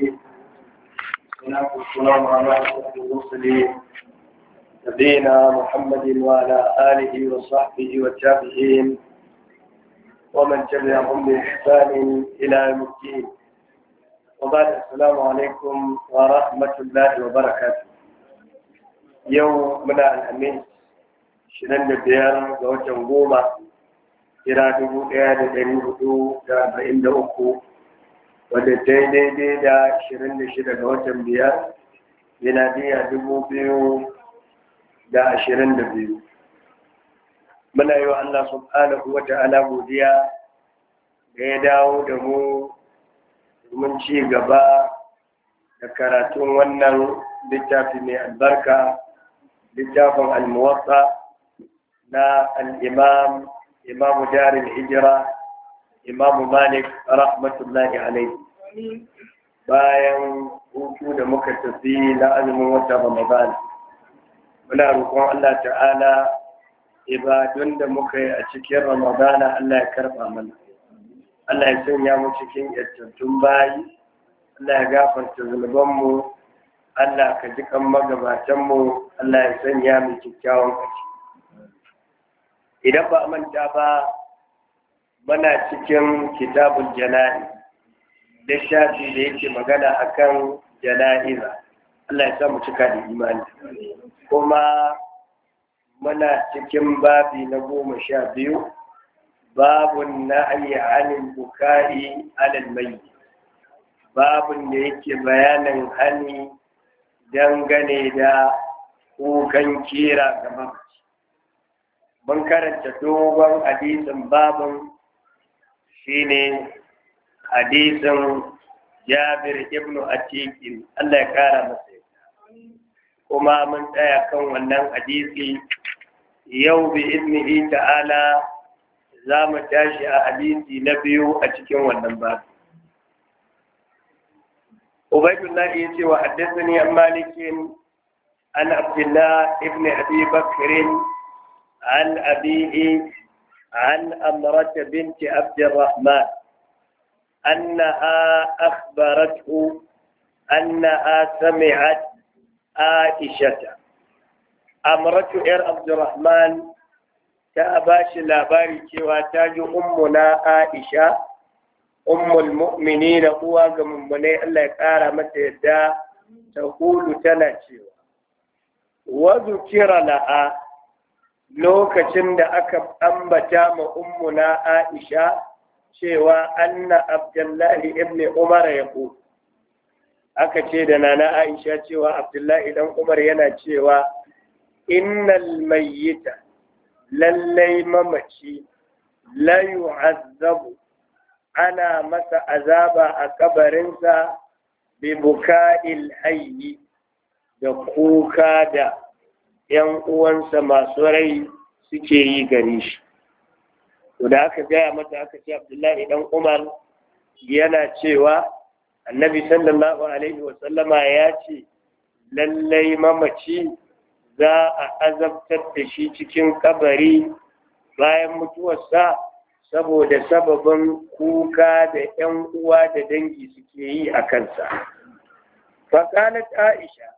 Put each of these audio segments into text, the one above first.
والصلاة والسلام على أشرف المرسلين نبينا محمد وعلى آله وصحبه والتابعين ومن تبعهم بإحسان إلى يوم الدين وبعد السلام عليكم ورحمة الله وبركاته يوم من الأمين شنن بيان زوجة goma kira dubu ɗaya da ɗari hudu da arba'in da uku wadda ta yi daidai da 26 ga watan biyar yana da 2022 muna yi wa Allah subhanahu wa ta'ala godiya da ya dawo da mu domin ci gaba da karatun wannan littafi mai albarka littafin almuwatsa na al'imam imamu jarin hijira imamu malik rahmatullahi alaihi bayan hutu da muka tafi na azumin wata ramadan muna roƙon allah ta'ala ibadun da muka yi a cikin ramadan allah ya karɓa mana allah ya sanya mu cikin yattantun bayi allah ya gafarta zunubanmu allah ka ji kan magabatanmu allah ya sanya mu kyakkyawan kashi idan ba a manta ba muna cikin kitabun jana'i da shafi da yake magana akan jana'iza Allah ya sa mu cika da imani kuma muna cikin babi na goma sha biyu babun na'ayi anil buka'i alal mai babun da yake bayanin hani dangane da kukan kira ga mamaci mun karanta dogon hadisin babun shine hadisin Jabir Ibnu, Atikin Allah ya kara masa kuma mun tsaya kan wannan hadisi yau bi idnihi ta'ala za mu tashi a hadisi na biyu a cikin wannan babu Ubaydullah ya ce wa haddathani an malikin an Abdullah ibn Abi Bakr an abi عن أمرة بنت عبد الرحمن أنها أخبرته أنها سمعت عائشة أمرة إر عبد الرحمن تأباش لاباري وتاج أمنا عائشة أم المؤمنين هو من بني الله يقارى متى تقول تنا وذكر لها lokacin da aka ambata ma ummuna Aisha cewa anna Abdullahi ibn Umar ya ku aka ce da nana Aisha cewa Abdullahi dan Umar yana cewa innal mayyita lallai mamaci la yu'azzabu ana masa azaba a kabarinsa bi buka'il hayyi da kuka da ‘yan uwansa masu rai suke yi gare shi. Da aka gaya mata aka ce Abdullahi ɗan Umar yana cewa annabi sallallahu Alaihi wasallama ya ce, lallai mamaci za a azabtar da shi cikin kabari bayan mutuwarsa saboda sababin kuka da ‘yan uwa da dangi suke yi a kansa. Fakalat Aisha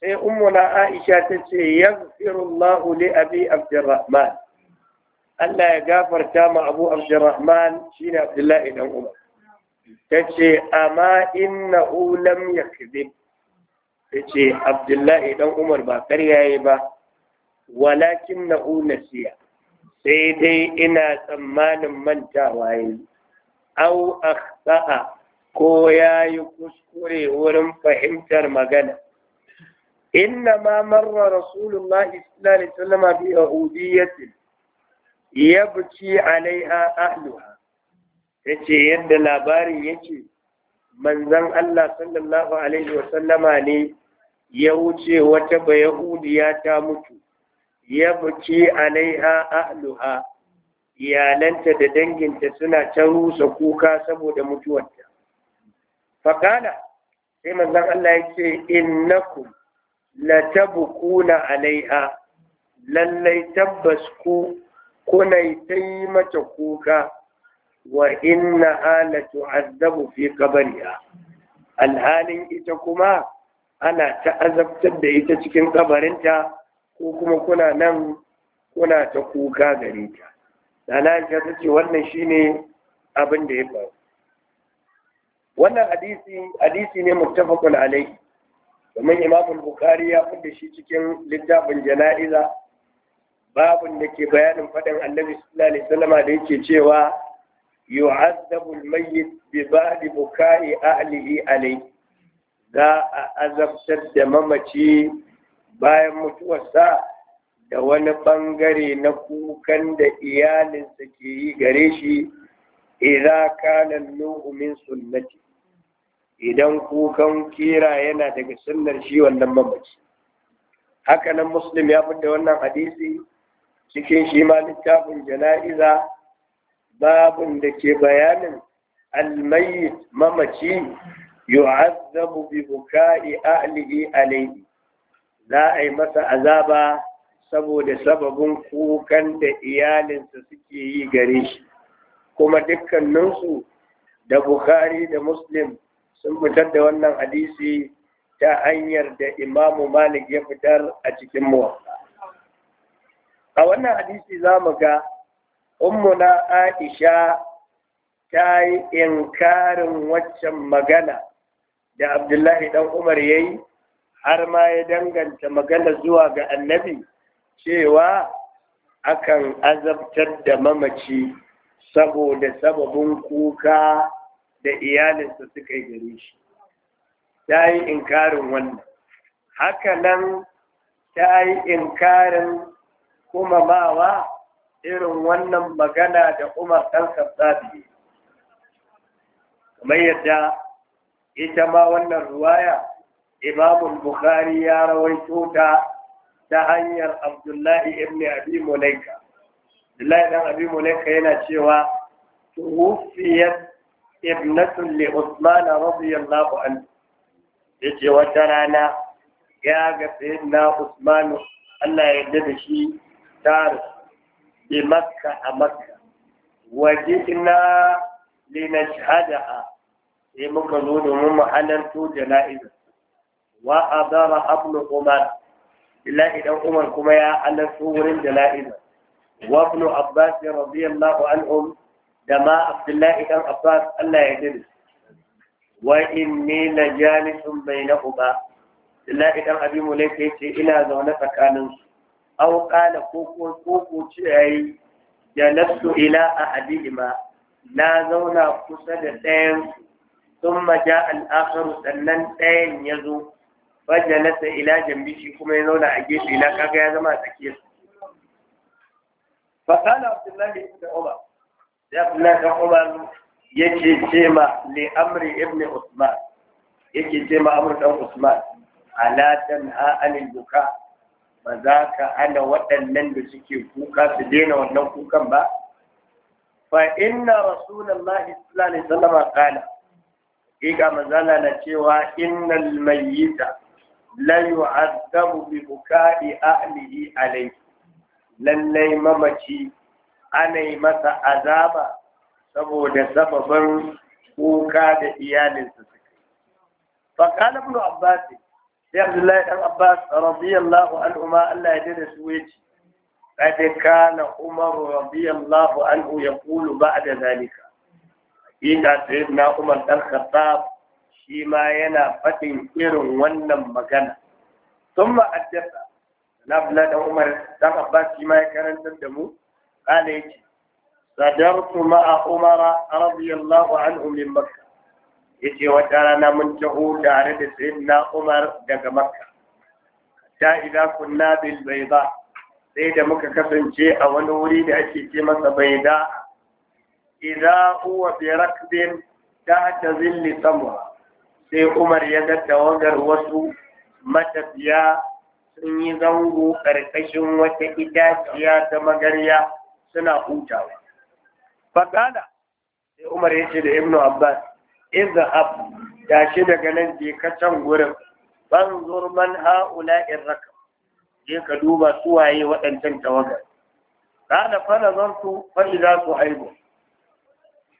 sai ummuna aisha ta ce yaghfirullahu li abi abdurrahman Allah ya gafarta ma abu abdurrahman shine abdullahi dan umar ce amma innahu lam Ta ce abdullahi dan umar ba ƙarya ba walakin na'u siya. sai dai ina tsammanin mantawa yayi au akhta'a ko yayi kuskure wurin fahimtar magana إنما مر رسول الله صلى الله عليه وسلم بيهودية يبكي عليها أهلها ce yadda labarin yake manzon Allah sallallahu alaihi wa sallama ne ya wuce wata ya ta mutu ya buki alaiha ahluha iyalanta da danginta suna ta rusa kuka saboda mutuwarta fakala sai manzon Allah yace innakum kuna alaiha lallai tabbas ku kuna ta yi mata kuka wa inna ala azabu fi kabariya alhalin ita kuma ana ta azabtar da ita cikin kabarinta ko kuma kuna nan kuna ta kuka gare ta dana ta ce wannan shine abin da ya faru wannan hadisi hadisi ne muttafaqun alaihi domin imamul bukari ya da shi cikin littafin jana'iza babun da ke bayanin faɗin annabi sallallahu alaihi wasallama da yake cewa yu'azzabu al-mayyit bi ba'di buka'i ahlihi alai za a azabtar da mamaci bayan mutuwarsa da wani bangare na kukan da iyalinsa ke yi gare shi idza kana nuhu min sunnati idan kukan kira yana daga sunnar shi wannan mamaci hakanan muslim ya fi da wannan hadisi cikin shi ma littafin jana'iza babun da ke bayanin almayit mamaci yu'azzabu bi buka'i ahlihi alayhi za a yi masa azaba saboda sababin kukan da iyalinsa suke yi gare shi kuma dukkaninsu da Bukhari da Muslim sun fitar da wannan hadisi ta hanyar da imamu malik ya fitar a cikin muwa a wannan hadisi za mu ga ummuna aisha ta yi inkarin waccan magana da abdullahi ɗan umar ya yi har ma ya danganta magana zuwa ga annabi cewa akan azabtar da mamaci saboda sababin kuka da iyalinsa suka yi gare shi ta yi inkarin wannan haka nan ta yi inkarin kuma mawa irin wannan magana da umar ɗan khattabi kamar yadda ita ma wannan ruwaya imamul bukhari ya rawaito ta ta hanyar abdullahi ibn abi mulaika abdullahi Ibn abi mulaika yana cewa tuwfiyat ibnatun li Usman radiyallahu anhu yace wata rana ya ga sayyidina Usman Allah ya yarda da shi tar bi Makka a Makka wajidna li nashhadaha sai muka zo domin mu halarto jana'iza wa adara ibn Umar illa idan Umar kuma ya halarto wurin jana'iza wa ibn Abbas radiyallahu anhum da ma abdullahi ɗan abbas Allah ya jiri, wa inni bai na uba, abdullahi abin abi mulaika ce ina zaune tsakanin su au qala ko ko ko ya yi yayi nasu ila ahadihima na zauna kusa da ɗayan su ثم جاء al'akaru sannan ɗayan ya zo nasa ila shi kuma ya zauna a gefe na kaga ya zama a tsakiyar su. Fakala Abdullahi ibn Umar sai Abdullahi Umar yake ce ma li ibn Usman yake ce ma dan Usman ala tanha anil buka ba za ka hana waɗannan da suke kuka su daina wannan kukan ba fa inna rasulullahi sallallahu alaihi wasallam qala iga manzala na cewa innal mayyita la yu'adhabu bi buka'i ahlihi alayhi lallai mamaci ana yi masa azaba saboda sababin kuka da iyalinsa suka yi. Fakal ibn Abbas sai Abdullahi Ɗan Abbas radiyallahu anhu ma Allah ya dade su yace قد كان عمر رضي الله عنه يقول بعد ذلك إذا سيدنا عمر بن الخطاب شيما ينا فتن إيرن ونم مكانا ثم أدفع نبلا عمر بن عباس شيما يكرن تدمو قال يجي صدرت مع عمر رضي الله عنه من مكة يجي وترانا من جهود عرد سيدنا عمر دق مكة حتى إذا كنا بالبيضاء sai da muka kasance a wani wuri da ake ce masa bai da idza huwa sai Umar ya ga tawagar wasu matafiya sun yi zango ƙarƙashin wata itaciya ta magarya suna hutawa faƙala sai umar ya ce da ibnu abbas izhab tashi daga nan je ka can gurin banzur man haula irraka je ka duba su waye waɗancan tawaga kana fa nazartu fa idza suhaibu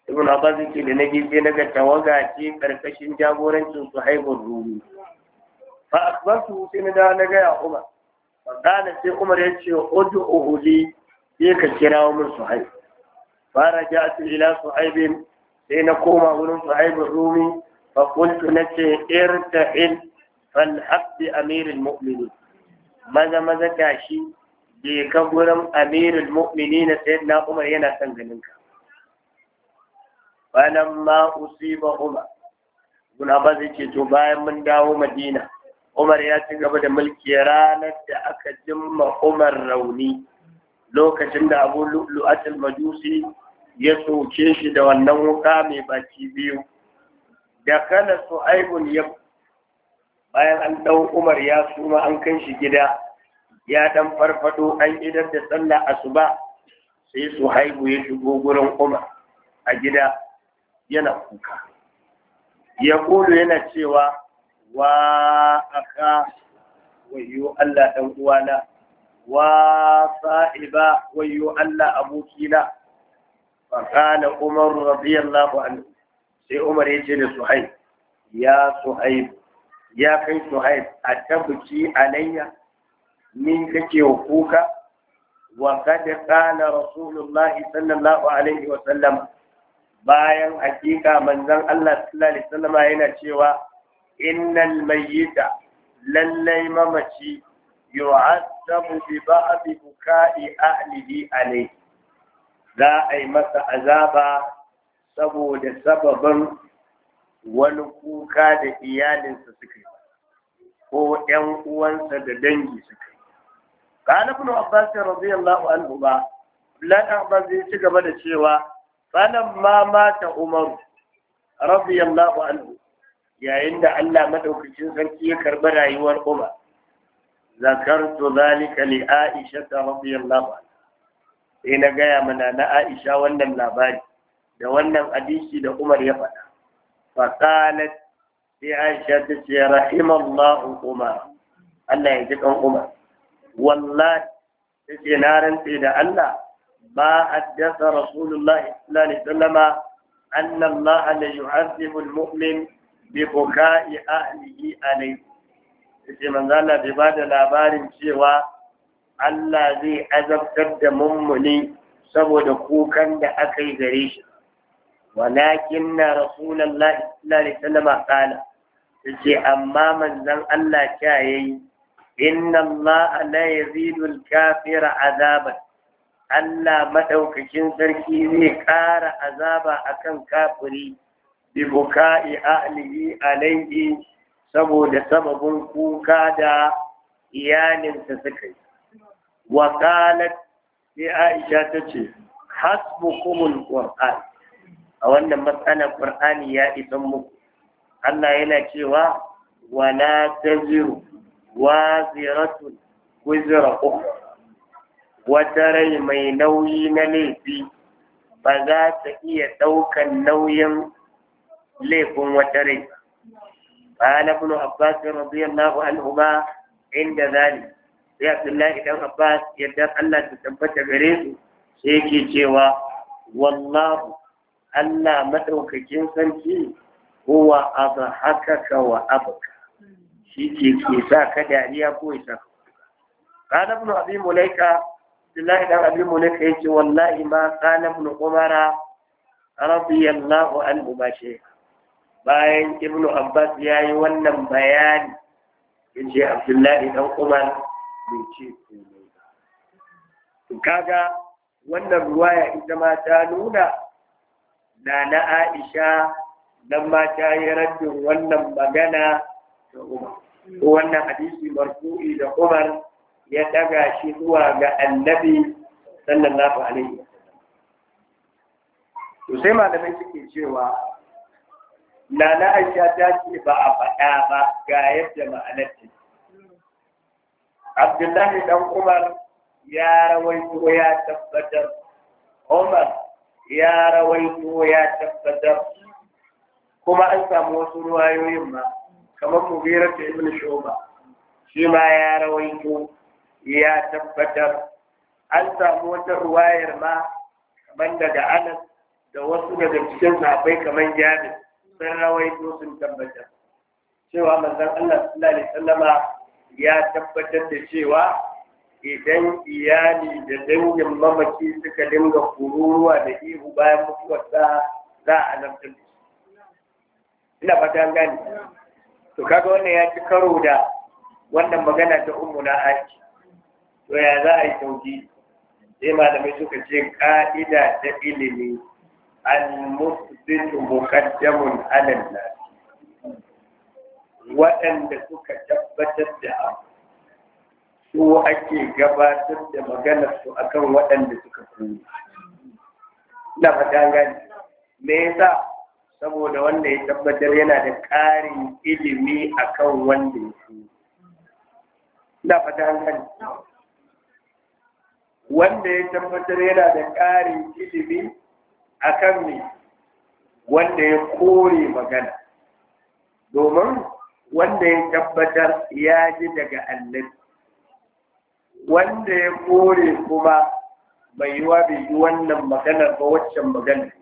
ibn abbas ce da naje je daga tawaga ce karkashin jagorancin haibu rubu fa akbartu sai na da na ga ya umar fa kana sai umar ya ce ud'uhu li sai ka kirawo min suhaib fara ja'atu ila suhaibin sai na koma wurin suhaibin rumi fa qultu nace irta'il fal habbi amirul mu'minin maza maza tashi je ka gurin amirul mu'minin sayyidina umar yana son ganin ka falamma usiba umar Ibn Abbas yake to bayan mun dawo Madina Umar ya ci gaba da mulki ranar da aka jimma Umar rauni lokacin da abu lu'atul majusi ya soke shi da wannan wuka mai baki biyu da kana aibun ya bayan an ɗau umar ya suma an kai shi gida ya ɗan farfado an idar da sallah asuba sai haibu ya shigo gurin umar a gida yana kuka ya kulu yana cewa wa aka wayo Allah ɗan uwana wa sa'iba wayo Allah abokina fa kana Umar radiyallahu anhu sai Umar ya ce da Suhaib ya Suhaib ya kai Suhaib a tabbuki alayya min kake kuka wa kad kana Rasulullah sallallahu alaihi wa sallam bayan hakika manzon Allah sallallahu alaihi wa sallama yana cewa innal mayyita lallai mamaci yu'adzabu bi ba'd buka'i ahlihi alayhi za a yi masa azaba saboda sababin wani kuka da iyalinsa suka yi ko ‘yan uwansa da dangi suka yi. Ƙana bin Abbas radiyallahu anhu ba, Abdullahi Abbas zai ci gaba da cewa, Sanan ma mata Umar radiyallahu anhu, yayin da Allah madaukakin sarki ya karɓi rayuwar Umar. zakartu zalika li Aisha radiyallahu anha sai na gaya mana na Aisha wannan labari da wannan hadisi da Umar ya faɗa fa qalat sai Aisha ta ce rahimallahu Umar Allah ya ji kan Umar wallahi ta ce na rantse da Allah ba haddasa Rasulullahi sallallahu alaihi wasallama anna Allah la yu'azzibu al-mu'min bi buka'i ahlihi alayhi suke manzo Allah bai ba da labarin cewa Allah zai azabtar da mummuni saboda kukan da aka yi gare shi walakin na rasulullahi sallallahu alaihi wasallam qala yace amma manzon Allah yayi. inna Allah la yazidu al-kafira azaban Allah maɗaukakin sarki zai ƙara azaba akan kafiri bi buka'i ahlihi alaihi saboda sababin kuka da iyalinsa suka yi wakalat sai aisha ta ce hasbukumul qur'an a wannan matsalar qur'ani ya isan muku Allah yana cewa wala taziru waziratun wizra uku wata rai mai nauyi na laifi ba za ta iya ɗaukan nauyin laifin wata rai قال ابن عباس رضي الله عنهما عند ذلك sai Abdullahi dan Abbas yadda Allah ta tabbatar gare su sai yake cewa wallahu Allah madaukakin sarki huwa abhakaka wa abka shi ke ke ka dariya ko ya sa kana ibn abi mulaika Abdullahi dan abi mulaika yace wallahi ma kana ibn bayan ibnu abbas ya yi wannan bayani in ce abdullahi dan umar bai ce komai ba kaga wannan ruwaya ita ma ta nuna na na aisha nan ma ta yi rabin wannan magana da umar ko wannan hadisi marfu'i da umar ya daga shi zuwa ga annabi sallallahu alaihi wasallam to sai malamai suke cewa Nana Aisha ta ce ba a faɗa ba ga yadda ma'anar ce. Abdullahi ɗan Umar ya rawaito ya tabbatar, Umar ya rawaito ya tabbatar, kuma an samu wasu ruwayoyin ma, kamar Mubirar da Ibn Shoba, shi ma ya rawaito ya tabbatar. An samu wata ruwayar ma, kamar daga Anas da wasu daga cikin sahabbai kamar Jabir. sun rawaito sun tabbatar cewa manzon Allah sallallahu alaihi wasallama ya tabbatar da cewa idan iyali da dangin mamaki suka dinga kururuwa da ihu bayan mutuwarsa za a zartar ina fata gani to kaga wannan ya ci karo da wannan magana ta ummu na aiki to ya za a yi tauki sai malamai suka ce ka'ida ta ilimi المثبت مقدم على الناس waɗanda suka tabbatar da abu su ake gabatar da maganar su akan waɗanda suka koyi na fata gani me yasa saboda wanda ya tabbatar yana da ƙarin ilimi akan wanda ya koyi na fata gani wanda ya tabbatar yana da ƙarin ilimi akan me wanda ya kore magana domin wanda ya tabbatar ya ji daga annabi wanda ya kore kuma bai yi wa bai yi wannan maganar ba waccan maganar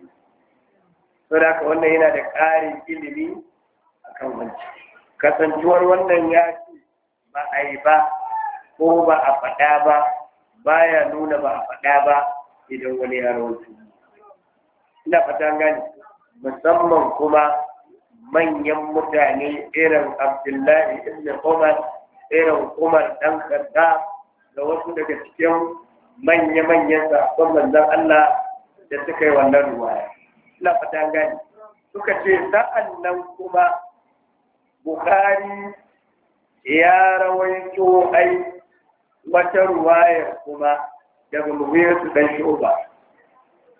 saboda wannan yana da ƙarin ilimi a kan wancan kasancewar wannan ya ce ba a yi ba ko ba a faɗa ba baya nuna ba a faɗa ba idan wani ya rawaito ina fata gani musamman kuma manyan mutane irin abdullahi ibn umar irin umar dan kadda da wasu daga cikin manya-manyan sabon manzan Allah da suka yi wannan ruwaya ina fata gani suka ce sa'an nan kuma Buhari ya rawaito ai wata ruwayar kuma daga muhimmanci dan shuba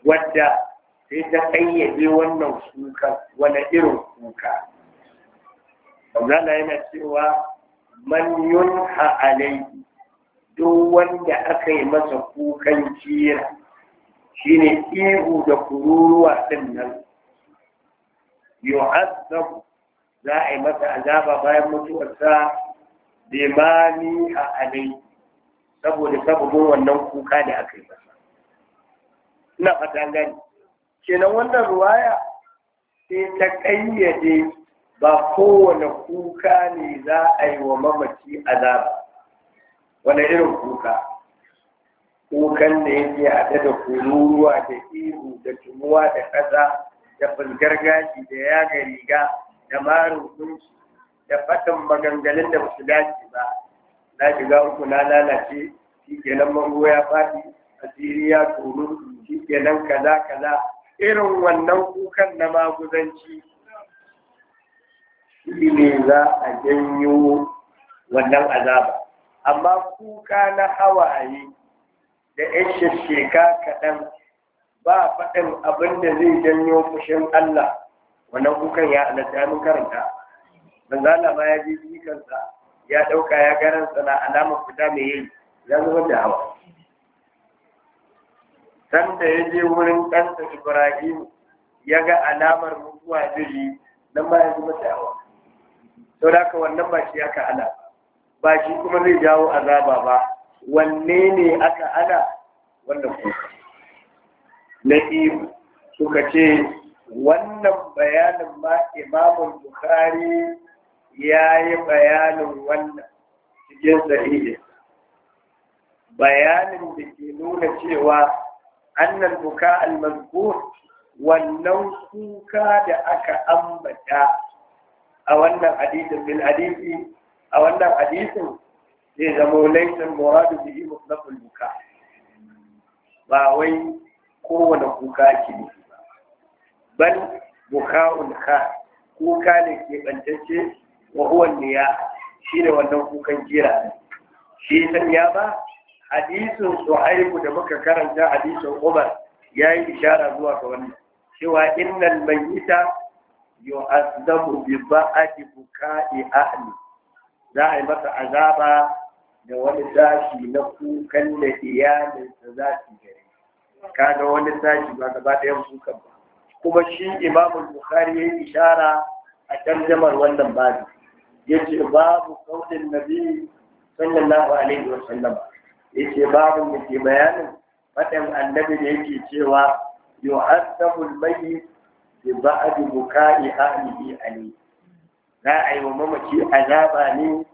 wadda sai ta ƙayyade wannan suka wani irin kuka Zana yana cewa man yunha alaihi duk wanda aka yi masa kukan shi ne ihu da kururuwa ɗin nan yu'azzab za a yi masa azaba bayan mutuwarsa ni a alai saboda sabbin wannan kuka da aka yi masa ina fata gani kenan wannan ruwaya sai ta ƙayyade ba kowane kuka ne za a yi wa mamaci azaba wani irin kuka kukan da yake haɗe da kururuwa da ihu da tumuwa da ƙasa da fulgar da yaga riga da marin kunci da fatan maganganun da su dace ba na shiga uku na lalace shi kenan mango ya faɗi asiri ya turu shi kenan kaza kaza irin wannan kukan na maguzanci shi ne za a janyo wannan azaba amma kuka na hawaye da yan sheka kaɗan ba faɗin abin da zai janyo fushin Allah wannan kukan ya alata ya karanta zala ma ya je jikansa ya ɗauka ya garansa na alama fita mai yi ya zama da hawa sanda ya je wurin ɗansa Ibrahim ya ga alamar mutuwa jiri nan ba ya zama tsayawa. Sau da wannan ba shi aka ana, ba shi kuma zai jawo azaba ba, wanne ne aka ana wannan kuka. Na biyu suka ce wannan bayanin ma imamun Bukhari ya yi bayanin wannan cikin sahihin. Bayanin da ke nuna cewa Hannan buka al wannan kuka da aka ambata a wannan hadisin bil hadisi a wannan hadisin zai zama laisan muradu bihi mutlaqul buka ba wai kowane kuka ke ne bal buka'un kha kuka ne ke bantacce wa wannan kukan jira shi san ya ba hadisin su'aibu da muka karanta hadisin umar ya yi ishara zuwa ga wannan cewa innal mayyita yu'azzabu bi ba'ati buka'i ahli za a yi masa azaba da wani sashi na kukan da iyalinsa za su gare kaga wani sashi ba gaba ɗayan kukan ba kuma shi imamul bukhari ya yi ishara a tarjamar wannan babu yace babu kaulin nabi sallallahu alaihi wasallam yake babu da bayanin faɗin annabi da yake cewa yu'azzabu al-mayyit bi ba'd buka'i ahlihi ali za a yi wa mamaci azaba ne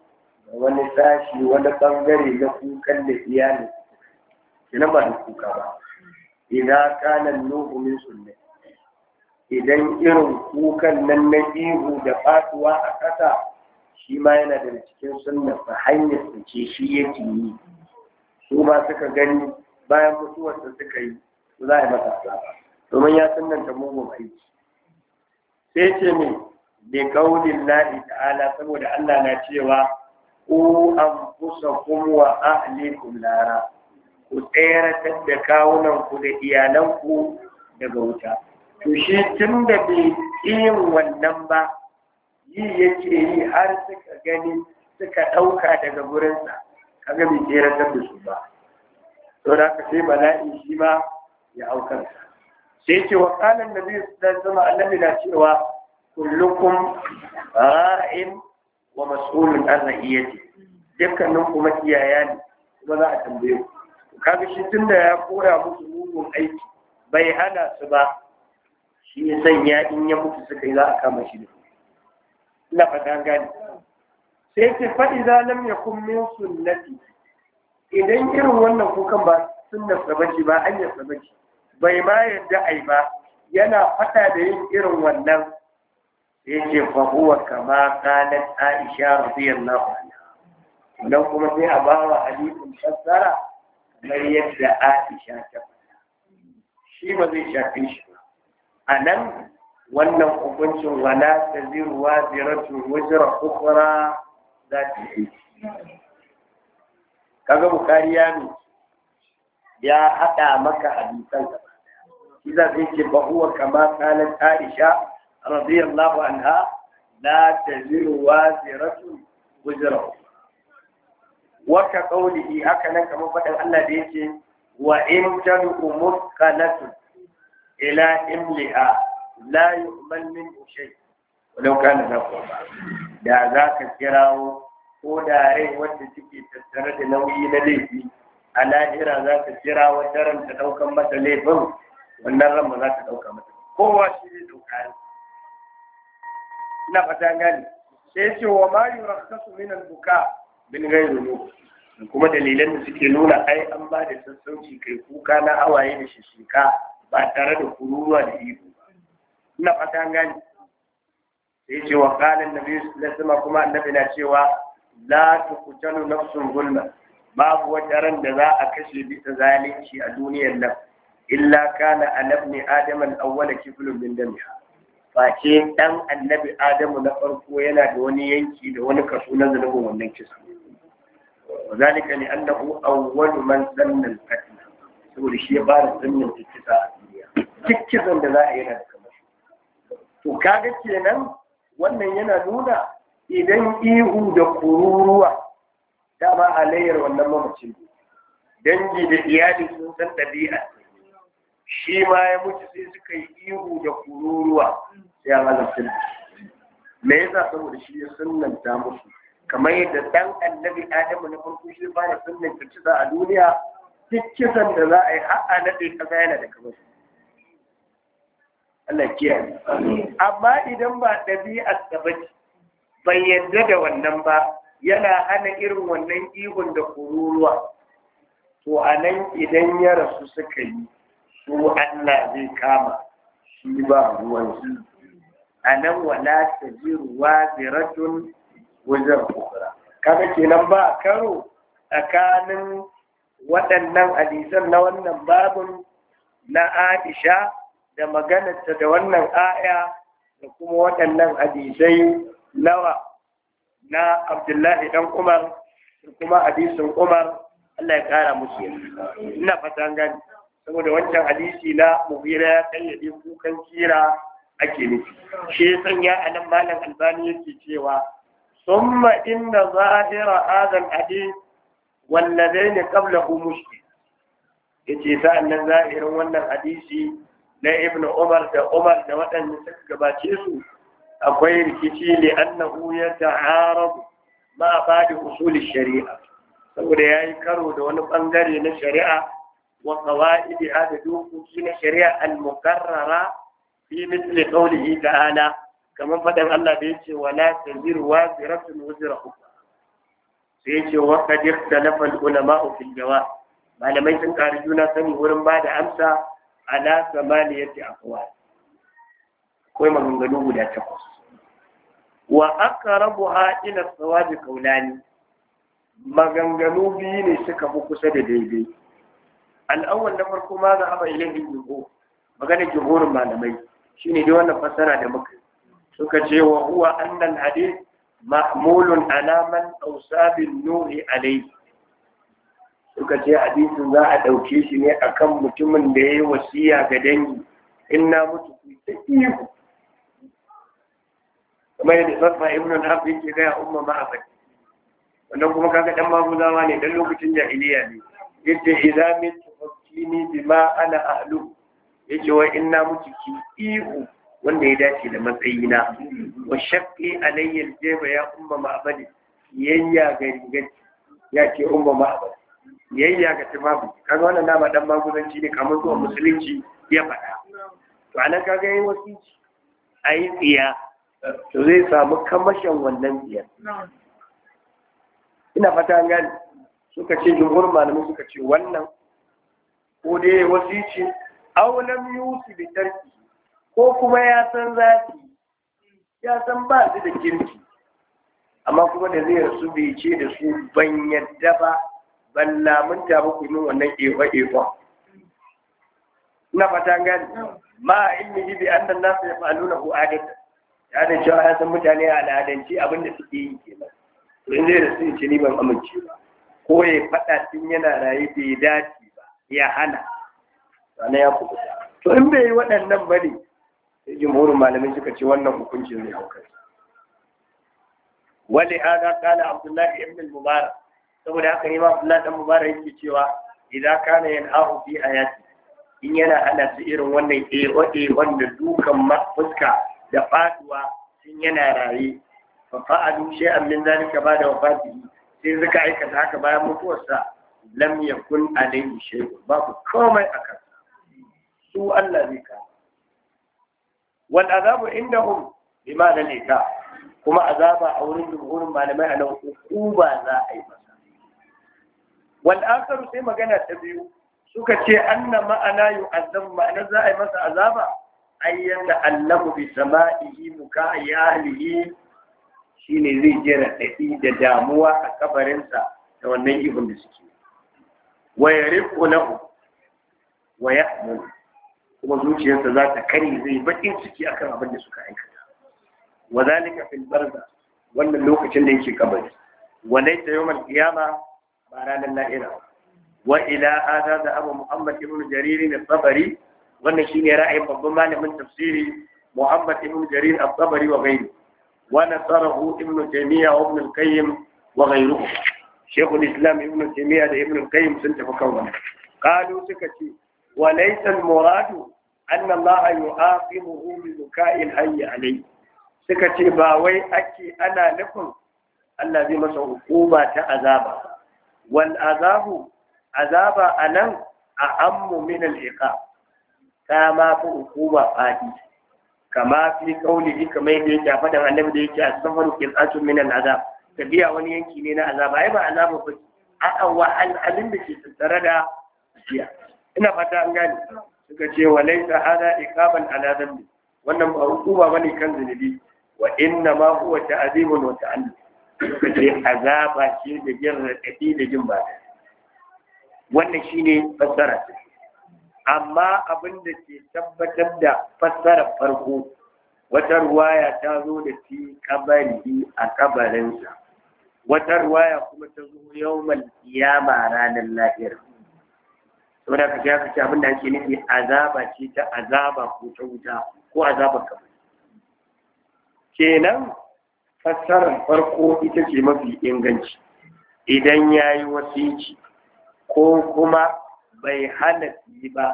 da wani sashi wani bangare na kukan da iyalin kina ba da kuka ba idan kana nuhu min sunna idan irin kukan nan na ihu da fatuwa a ƙasa shi ma yana daga cikin sunna fa hanyar ce shi yake yi su ma suka gani bayan mutuwar da suka yi za a yi masa domin ya mugu mugun aiki sai ce me bi kaulin lahi ta'ala saboda Allah na cewa ku kuma wa ahlikum lara ku tsayar da kawunan ku da iyalanku daga wuta to shi tun da bai yin wannan ba yi yake yi har suka gani suka ɗauka daga gurinsa kaga bai tseratar da su ba saboda haka sai bala'i shi ma ya hau sai ce wa kalan da biyu zama annabi na cewa kullukum ra'in wa mas'ulun an ra'iyati dukkanin kuma kiyaya ne kuma za a tambaye ku kaga shi tunda ya kora musu mugun aiki bai hana su ba shi ya sanya in ya mutu suka yi za a kama shi da ina fata gani sai ce fa'iza lam ya kummin sunnati idan irin wannan kukan ba sunnar sabaci ba hanyar sabaci bai ma yadda ai ba yana faɗa da yin irin wannan sai ce fa kama qalat aisha radiyallahu anha wannan kuma sai a bawa hadisin fassara kamar yadda aisha ta faɗa shi ba zai shafi shi ba a nan wannan hukuncin wala taziru waziratu wajra ukhra za ta yi kaga bukari ya nu ya haɗa maka hadisan gaba shi za ta ce ba kama kalan aisha radiyallahu anha la taziru waziratu wuzra Wata qawlihi haka nan kamar faɗin Allah da yake wa in tad'u musqalatun ila imliha la yu'mal min shay walau kana za da za ka kirawo ko da rai wanda suke tattare da nauyi na laifi a lahira za ka kira wata ran ta ɗaukan mata laifin wannan ran ba za ta ɗauka mata kowa shi ne ɗauka ne ina fata gani sai ce wa ma yurakkasu min al-buka bin ghayri nu kuma dalilan da suke nuna ai an ba da sassauci kai kuka na hawaye da shishika ba tare da kururuwa da ba. ina fata gani sai ce wa kalin nabi sallallahu kuma annabi na cewa la kutalu nafsun gulma. babu wata ran da za a kashe bisa zalunci a duniyar nan illa kana alabni adam al-awwal kiflun min damiha face dan annabi adamu na farko yana da wani yanki da wani kaso na zunubin wannan kisa وذلك لأنه أول من سن القتل saboda shi ya fara sannan cikisa a duniya cikisan da za a yi na da kamar to kaga kenan wannan yana nuna idan ihu da kururuwa dama halayyar wannan mamacin dangi da iyali sun san ɗabi'a shi ma ya mutu sai suka yi ihu da kururuwa sai an halattun me yasa saboda shi ya sunnanta musu kamar yadda dan annabi adamu na farko shi ba ya sunnanta kisa a duniya duk kisan da za a yi har a naɗe ƙasa yana da kamar Allah kiyaye amma idan ba ɗabi'ar da bai yadda da wannan ba yana hana irin wannan ihun da kururuwa to a nan idan ya rasu suka yi su Allah zai kama shi ba ruwan shi a nan wala ta ji ruwa ziratun wajen kukura kaga kenan ba karo tsakanin waɗannan hadisan na wannan babin na Aisha da maganarta da wannan aya da kuma waɗannan hadisai nawa na abdullahi dan umar da kuma hadisin umar Allah ya kara musu ina fatan gani saboda wancan hadisi na mugira ya kayyade kukan kira ake nufi shi ya sanya malam albani yake cewa summa inna zahira hadal hadith walladaini qablahu mushkil yace sa'an nan zahirin wannan hadisi na ibn umar da umar da waɗanda suka gabace su akwai rikici ne annahu ya ta'arabu ma ba da shari'a saboda ya yi karo da wani ɓangare na shari'a wa qawaidi da na shari'a al-mukarrara fi mithli qawlihi ta'ala kamar faɗin Allah da yace wala taziru waziratun wazira ukhra sai yace wa qad ikhtalafa al-ulama'u fil jawab malamai sun ƙari juna sani wurin ba da amsa ala samaniyati aqwal akwai maganganu guda takwas wa aqrabuha ila sawabi qawlani maganganu biyu ne suka fi kusa da daidai al'awwal na farko ma za a ba ilayhi jumhur maganar malamai shine dai wannan fassara da muka suka ce wa huwa annan hadith mahmulun ala man awsa nuhi alayhi suka ce hadisin za a ɗauke shi ne a kan mutumin da ya yi wasiya ga dangi in na mutu ku ta ihu kuma yadda sassa ibn al-hafi ke gaya umma ma'afai wannan kuma kaga dan zama ne don lokacin jahiliya ne yace idza min bi ma ana Ya ce in inna mutu ki ihu wanda ya dace da matsayina wa shakki alayyar al-jayba ya umma ma'abadi yayya ga rigar ya ce umma ma'abadi yayya ga tibabu kaga wannan nama dan magudanci ne kamar zuwa musulunci ya faɗa to anan kaga yayi wasu ayi tsiya to zai samu kamashin wannan tsiya ina fata an gani suka ce jumhur malamu suka ce wannan ko dai wasici aw lam yusi bi tarki ko kuma ya san zafi ya san ba su da kirki amma kuma da zai rasu bai ce da su ban yadda ba balla mun tafi ku min wannan ewa ewa ina fata gani ma ilmi bi annan nas yafaluna hu adat ya da cewa ya san mutane a al'adanci abin da suke yi kenan in zai rasu in ci ni ban amince ba ko ya faɗa tun yana rayu bai dace ba ya hana sannan ya kuɓu to in bai yi waɗannan ba ne sai jimhurin malamai suka ce wannan hukuncin zai hau kai wali hada kala abdullahi ibn saboda haka ne ma Allah dan Mubarak yake cewa idan kana yanhahu bi ayati in yana ana su irin wannan eh wanda dukan fuska da faduwa sun yana raye fa fa'alu shay'an min zalika ba'da wafatihi sai suka aikata haka bayan mutuwarsa lam yakun alayhi shay'un babu komai akan su Allah zai ka wal azabu indahum bima lalika kuma azaba a wurin jumhurin malamai a nan ba za a yi masa wal'akar sai magana ta biyu suka ce anna ma'ana yu'azzabu ma'ana za a yi masa azaba ay yata'allamu bi sama'ihi shi ne zai je raɗaɗi da damuwa a kabarinsa da wannan ihun da suke wa yariqu lahu wa ya'mul kuma zuciyarsa za ta kare zai bakin ciki akan abin da suka aikata wa zalika fil barza wannan lokacin da yake kabari wa laysa yawmal qiyama ba ranar lahira wa ila hada da abu muhammad ibn jarir ne tabari wannan shine ra'ayin babban malamin tafsiri muhammad ibn jarir al-tabari wa ghayri wa nasarahu ibn taymiya wa ibn al-qayyim wa ghayruhu shaykhul islam ibn taymiya da ibn al-qayyim sun tafi kan wannan qalu suka ce wa laysa al-muradu anna allaha yu'aqibuhu bi buka'il hayy alayhi suka ce ba wai ake ana nufin Allah zai masa hukuma ta azaba wal azabu azaba anan a ammu min al iqa ta ma fi hukuma fadi kama fi qawlihi kamar yadda yake a fadan annabi da yake as-safaru qil'atun min al azab tabiya wani yanki ne na azaba ai ba azaba ba a'a wa al'alin da ke tattare da ina fata an gane suka ce wa laisa hada iqaban ala dhanbi wannan ba hukuma bane kan zunubi wa inna ma huwa ta'zibun wa ta'allim suka azaba ce da jin raɗaɗi da jin ba wannan shine fassara amma abin da ke tabbatar da fassarar farko wata ruwaya ta zo da fi kabari a kabarinsa wata ruwaya kuma ta zo yawmal kiyama ranar lahir saboda ka ya abin da ake nufi azaba ce ta azaba ko ta wuta ko azaba kamar kenan fassarar farko ita ce mafi inganci idan ya yi wasici ko kuma bai hana fi ba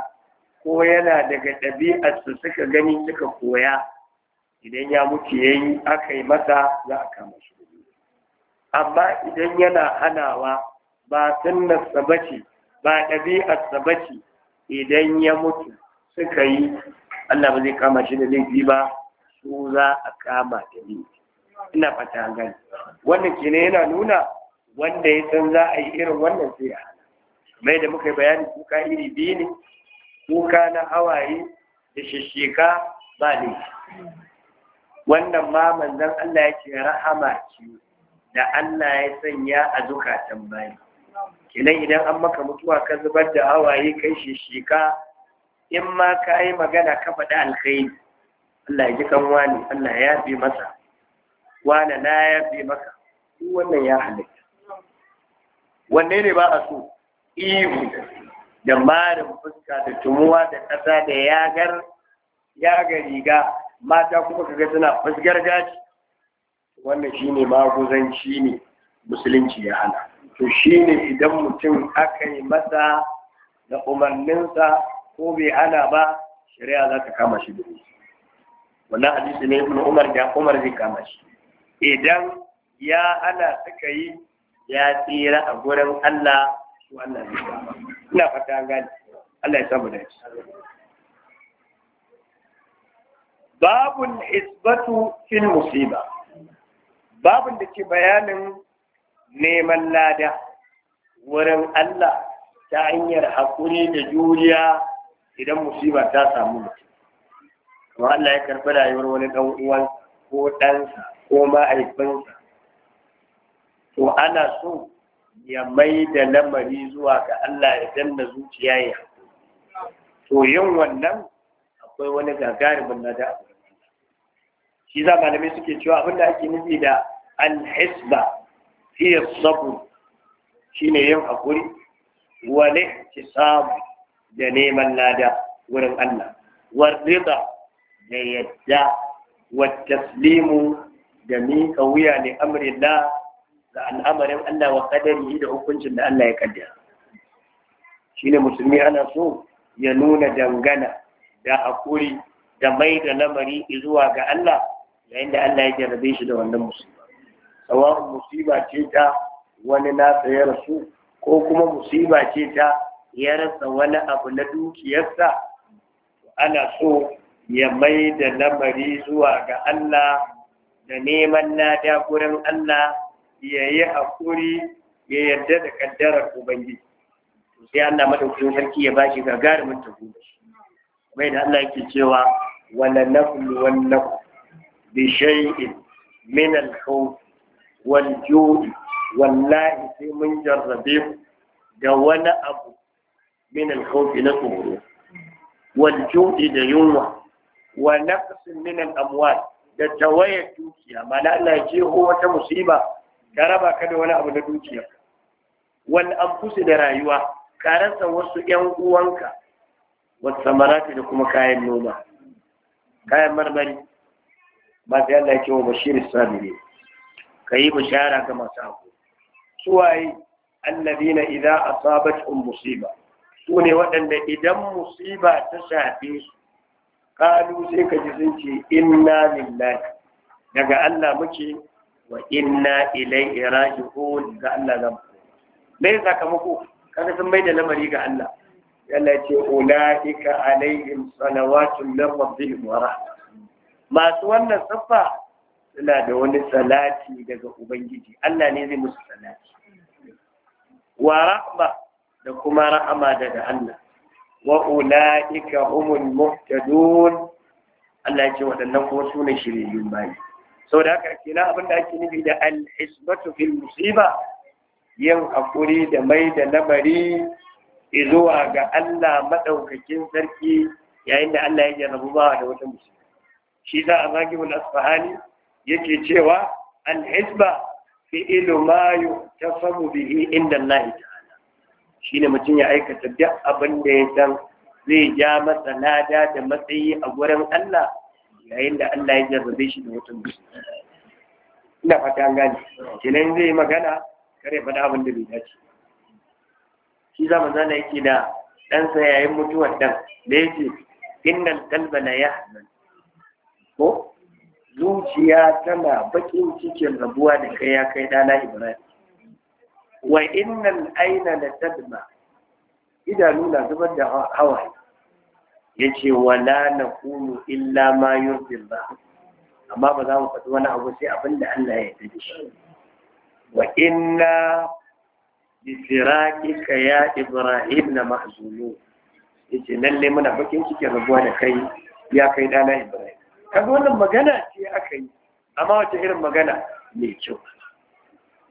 ko yana daga ɗabi'arsa suka gani suka koya idan ya mutu ya yi aka yi masa za a kama shi amma idan yana hanawa ba sunnarsa ba ce ba ɗabi'arsa ba ce idan ya mutu suka yi Allah ba zai kama shi da laifi ba su za a kama da laifi ina fata gani wannan ne yana nuna wanda ya san za a yi irin wannan sai ya hana. mai da muka yi bayani kuka iri biyu ne kuka na hawaye da shishika ba ne wannan ma manzan Allah ya ce rahama ce da Allah ya sanya a zukatan bayi kenan idan an maka mutuwa ka zubar da hawaye kai shishika in ma ka yi magana ka faɗi alkhairi Allah ya ji kanwa ne Allah ya bi masa wane na yafi maka duk wannan ya halitta wanne ne ba a so ihu da marin fuska da tumuwa da ƙasa da yagar yaga riga mata kuma kaga suna fuskar gaci wannan shine maguzanci ne musulunci ya hana to shine idan mutum aka yi masa da umarninsa ko bai ana ba shari'a za ta kama shi da wannan hadisi ne umar da umar zai kama shi idan ya ana suka yi ya tsira a gurin Allah wannan ina fata gani Allah ya samu da babun isbatu musiba babun da ke bayanin neman lada wurin Allah ta hanyar haƙuri da juriya idan musiba ta samu mutum kuma Allah ya karɓi rayuwar wani ɗan uwan ko ɗansa ko aifinsa to ana so ya mai da lamari zuwa ga Allah ya danna zuciya ya to yin wannan akwai wani gagarumin na da shi za malamai suke cewa abinda ake nufi da alhisba fi sabu shine yin hakuri wa lihtisabu da neman lada wurin Allah wa rida da yadda wa taslimu da miƙa wuya ne da ga al'amarin Allah wa kadari da hukuncin da Allah ya kaddara ne musulmi ana so ya nuna dangana da hakuri da mai da lamari zuwa ga Allah yayin da Allah ya jarrabe shi da wannan musiba sawa'un musiba ce ta wani nasa ya rasu ko kuma musiba ce ta ya rasa wani abu na dukiyarsa ana so ya mai da lamari zuwa ga Allah da neman na gurin Allah ya yi haƙuri ya yarda da kaddarar Ubangiji. Sai Allah madaukakin sarki ya bashi shi tafi mutu shi. Mai da Allah yake cewa wane na ku, bi shai'in min al wal ju'i wallahi sai mun jarrabe ku da wani abu min al na tsoro wal ju'i da yunwa wa naqsin min al da tawayar dukiya mana Allah ya jeho wata musiba ka raba ka da wani abu na dukiya wal anfusu da rayuwa ka wasu ƴan uwanka wasu samarati da kuma kayan noma kayan marmari ba sai Allah ya ce wa sabiri ka yi bishara ga masu suwaye alladina idza asabat um musiba su ne waɗanda idan musiba ta shafe su kalu sai ka ji sun inna lillahi daga Allah muke wa inna ilaihi raji'un ga Allah zan mai sakamako kaga sun mai da lamari ga Allah Allah ce ulaika alaihim salawatun min rabbihim wa masu wannan safa suna da wani salati daga ubangiji Allah ne zai musu salati wa rahma da kuma rahama daga Allah wa ula'ika muhtadun Allah ya ce waɗannan kuma su ne shiryayyun bayi sau da haka kenan abin da ake nufi da al musiba yin haƙuri da mai da lamari izuwa ga Allah maɗaukakin sarki yayin da Allah ya jarrabu ba da wata musiba shi za a zagi wal asfahani yake cewa al fi ilu ma yuhtasabu bihi inda na ita. shine mutum ya aikata duk abin da ya san zai ja masa lada da matsayi a gurin Allah yayin da Allah ya jarrabe shi da mutum ina fata an gane kenan zai yi magana kare faɗa abin da bai dace shi za mu zana yake da ɗansa yayin mutuwar ɗan da ya ce innan kalba na ya ko zuciya tana bakin cikin rabuwa da kai ya kai ɗana Ibrahim wa innal aina la tadma idanu na zubar da hawaye yace wala kunu illa ma yurdillah amma ba za mu faɗi wani abu sai abin da Allah ya yarda shi wa inna bi firaqika ya ibrahim la Ya yace lalle muna bakin cike rabuwa da kai ya kai dana ibrahim kaga wannan magana ce aka yi amma wata irin magana mai kyau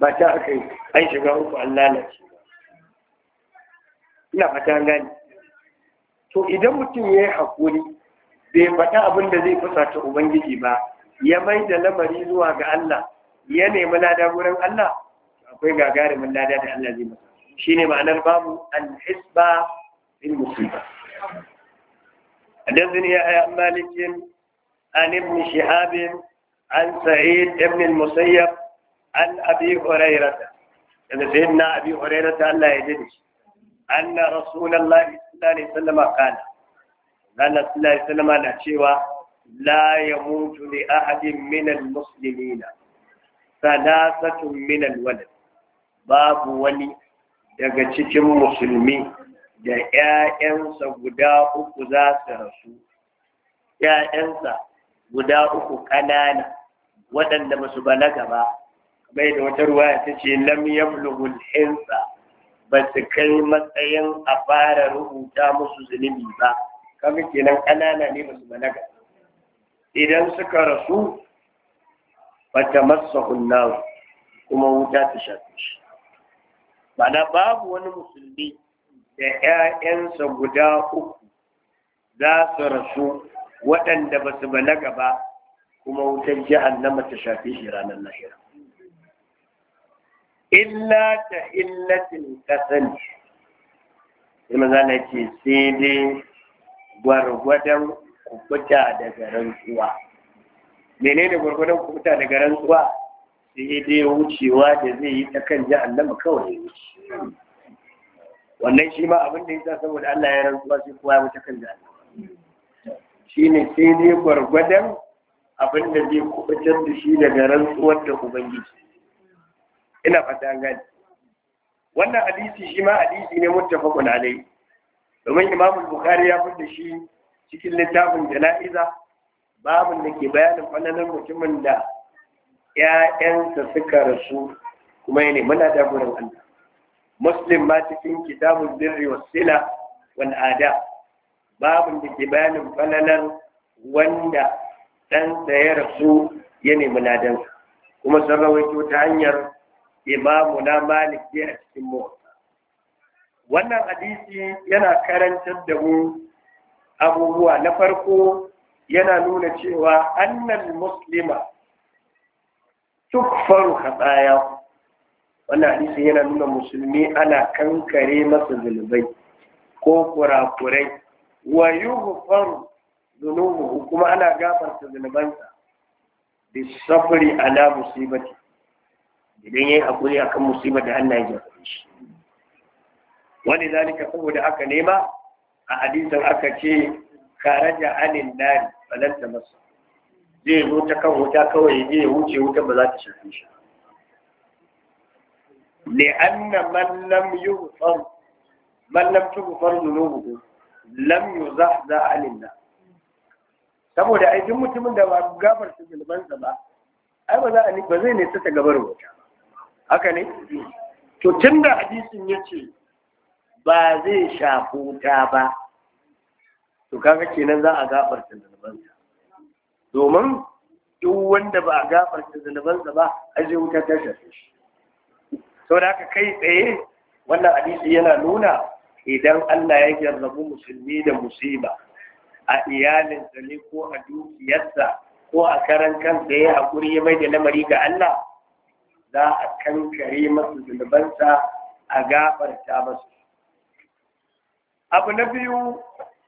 ba ta aka yi an shiga uku an lalace ina fata gani to idan mutum ya yi haƙuri bai faɗa abin da zai ta ubangiji ba ya mai da lamari zuwa ga Allah ya nemi lada wurin Allah akwai gagarumin lada da Allah zai masa ne ma'anar babu ba hisba bil musiba حدثني ya عن malikin an ibn شهاب an said ibn المسيب an abi hurairah daga sayyidina abi hurairah ta Allah ya jini anna rasulullahi sallallahu alaihi wasallam Allah sallallahu na cewa la a abin ahadin min almuslimina salasatun min alwalad babu wani daga cikin musulmi da ‘ya'yansa guda uku za su rasu, ‘ya'yansa guda uku ƙanana waɗanda ba su balaga ba, bai da wata ruwa ta ce lam yablughul hinsa ba su kai matsayin a fara rubuta musu zunubi ba kamar kenan ƙanana ne ba su balaga idan suka rasu fata masahun nawa kuma wuta ta shafi shi mana babu wani musulmi da 'ya'yansa guda uku za su rasu waɗanda ba su balaga ba kuma wutar jihannama ta shafi shi ranar lahira illa ta illatin kasan sai maza na ce sai dai gwargwadon kubuta daga rantsuwa menene gwargwadon kubuta daga rantsuwa sai dai wucewa da zai yi ta kan ji annaba kawai wuce wannan shi ma abin da yasa saboda Allah ya rantsuwa sai kowa ya wuce kan ji Shi ne sai dai gwargwadon abin da zai kubutar da shi daga rantsuwar da ubangiji ina fata an gani wannan hadisi shi ma hadisi ne muttafaqun alai domin imam bukhari ya fitar shi cikin littafin jana'iza babun da ke bayanin fannanin mutumin da ƴaƴansa suka rasu kuma yana muna da gurin Allah muslim ma cikin kitabul birri was sila wal ada babun da ke bayanin fannanin wanda da ya rasu ya nemi kuma sun rawaito ta hanyar imamu na malik ne a cikin mota wannan hadisi yana karantar da mu abubuwa na farko yana nuna cewa annan muslima tukfaru khataya wannan hadisi yana nuna musulmi ana kankare masa zunubai ko kurakurai wa yughfaru zunubu kuma ana gafarta zunubansa bisafri ala musibati idan yayi hakuri akan musibar da Allah ya jarrabe shi wani zalika saboda aka nema a hadisin aka ce karaja anin nari balanta ta masu zai zo ta kan wuta kawai zai wuce wuta ba za ta shafe shi li'anna man lam Mallam man lam tughfar dhunubuhu lam yuzahza anin na. saboda ai duk mutumin da ba gafarta zulmansa ba ai ba za a ba zai ne ta gabar wuta haka ne to tunda hadisin yace ba zai shafuta wuta ba to kaga kenan za a gafarta sa domin duk wanda ba a gafarta sa ba a zai wuta ta shafe shi saboda haka kai tsaye wannan hadisi yana nuna idan Allah ya jarrabu musulmi da musiba a iyalinsa ne ko a dukiyarsa ko a karan kansa ya hakuri ya mai da lamari ga Allah za a kankare masu zunubansa a gafarta masu abu na biyu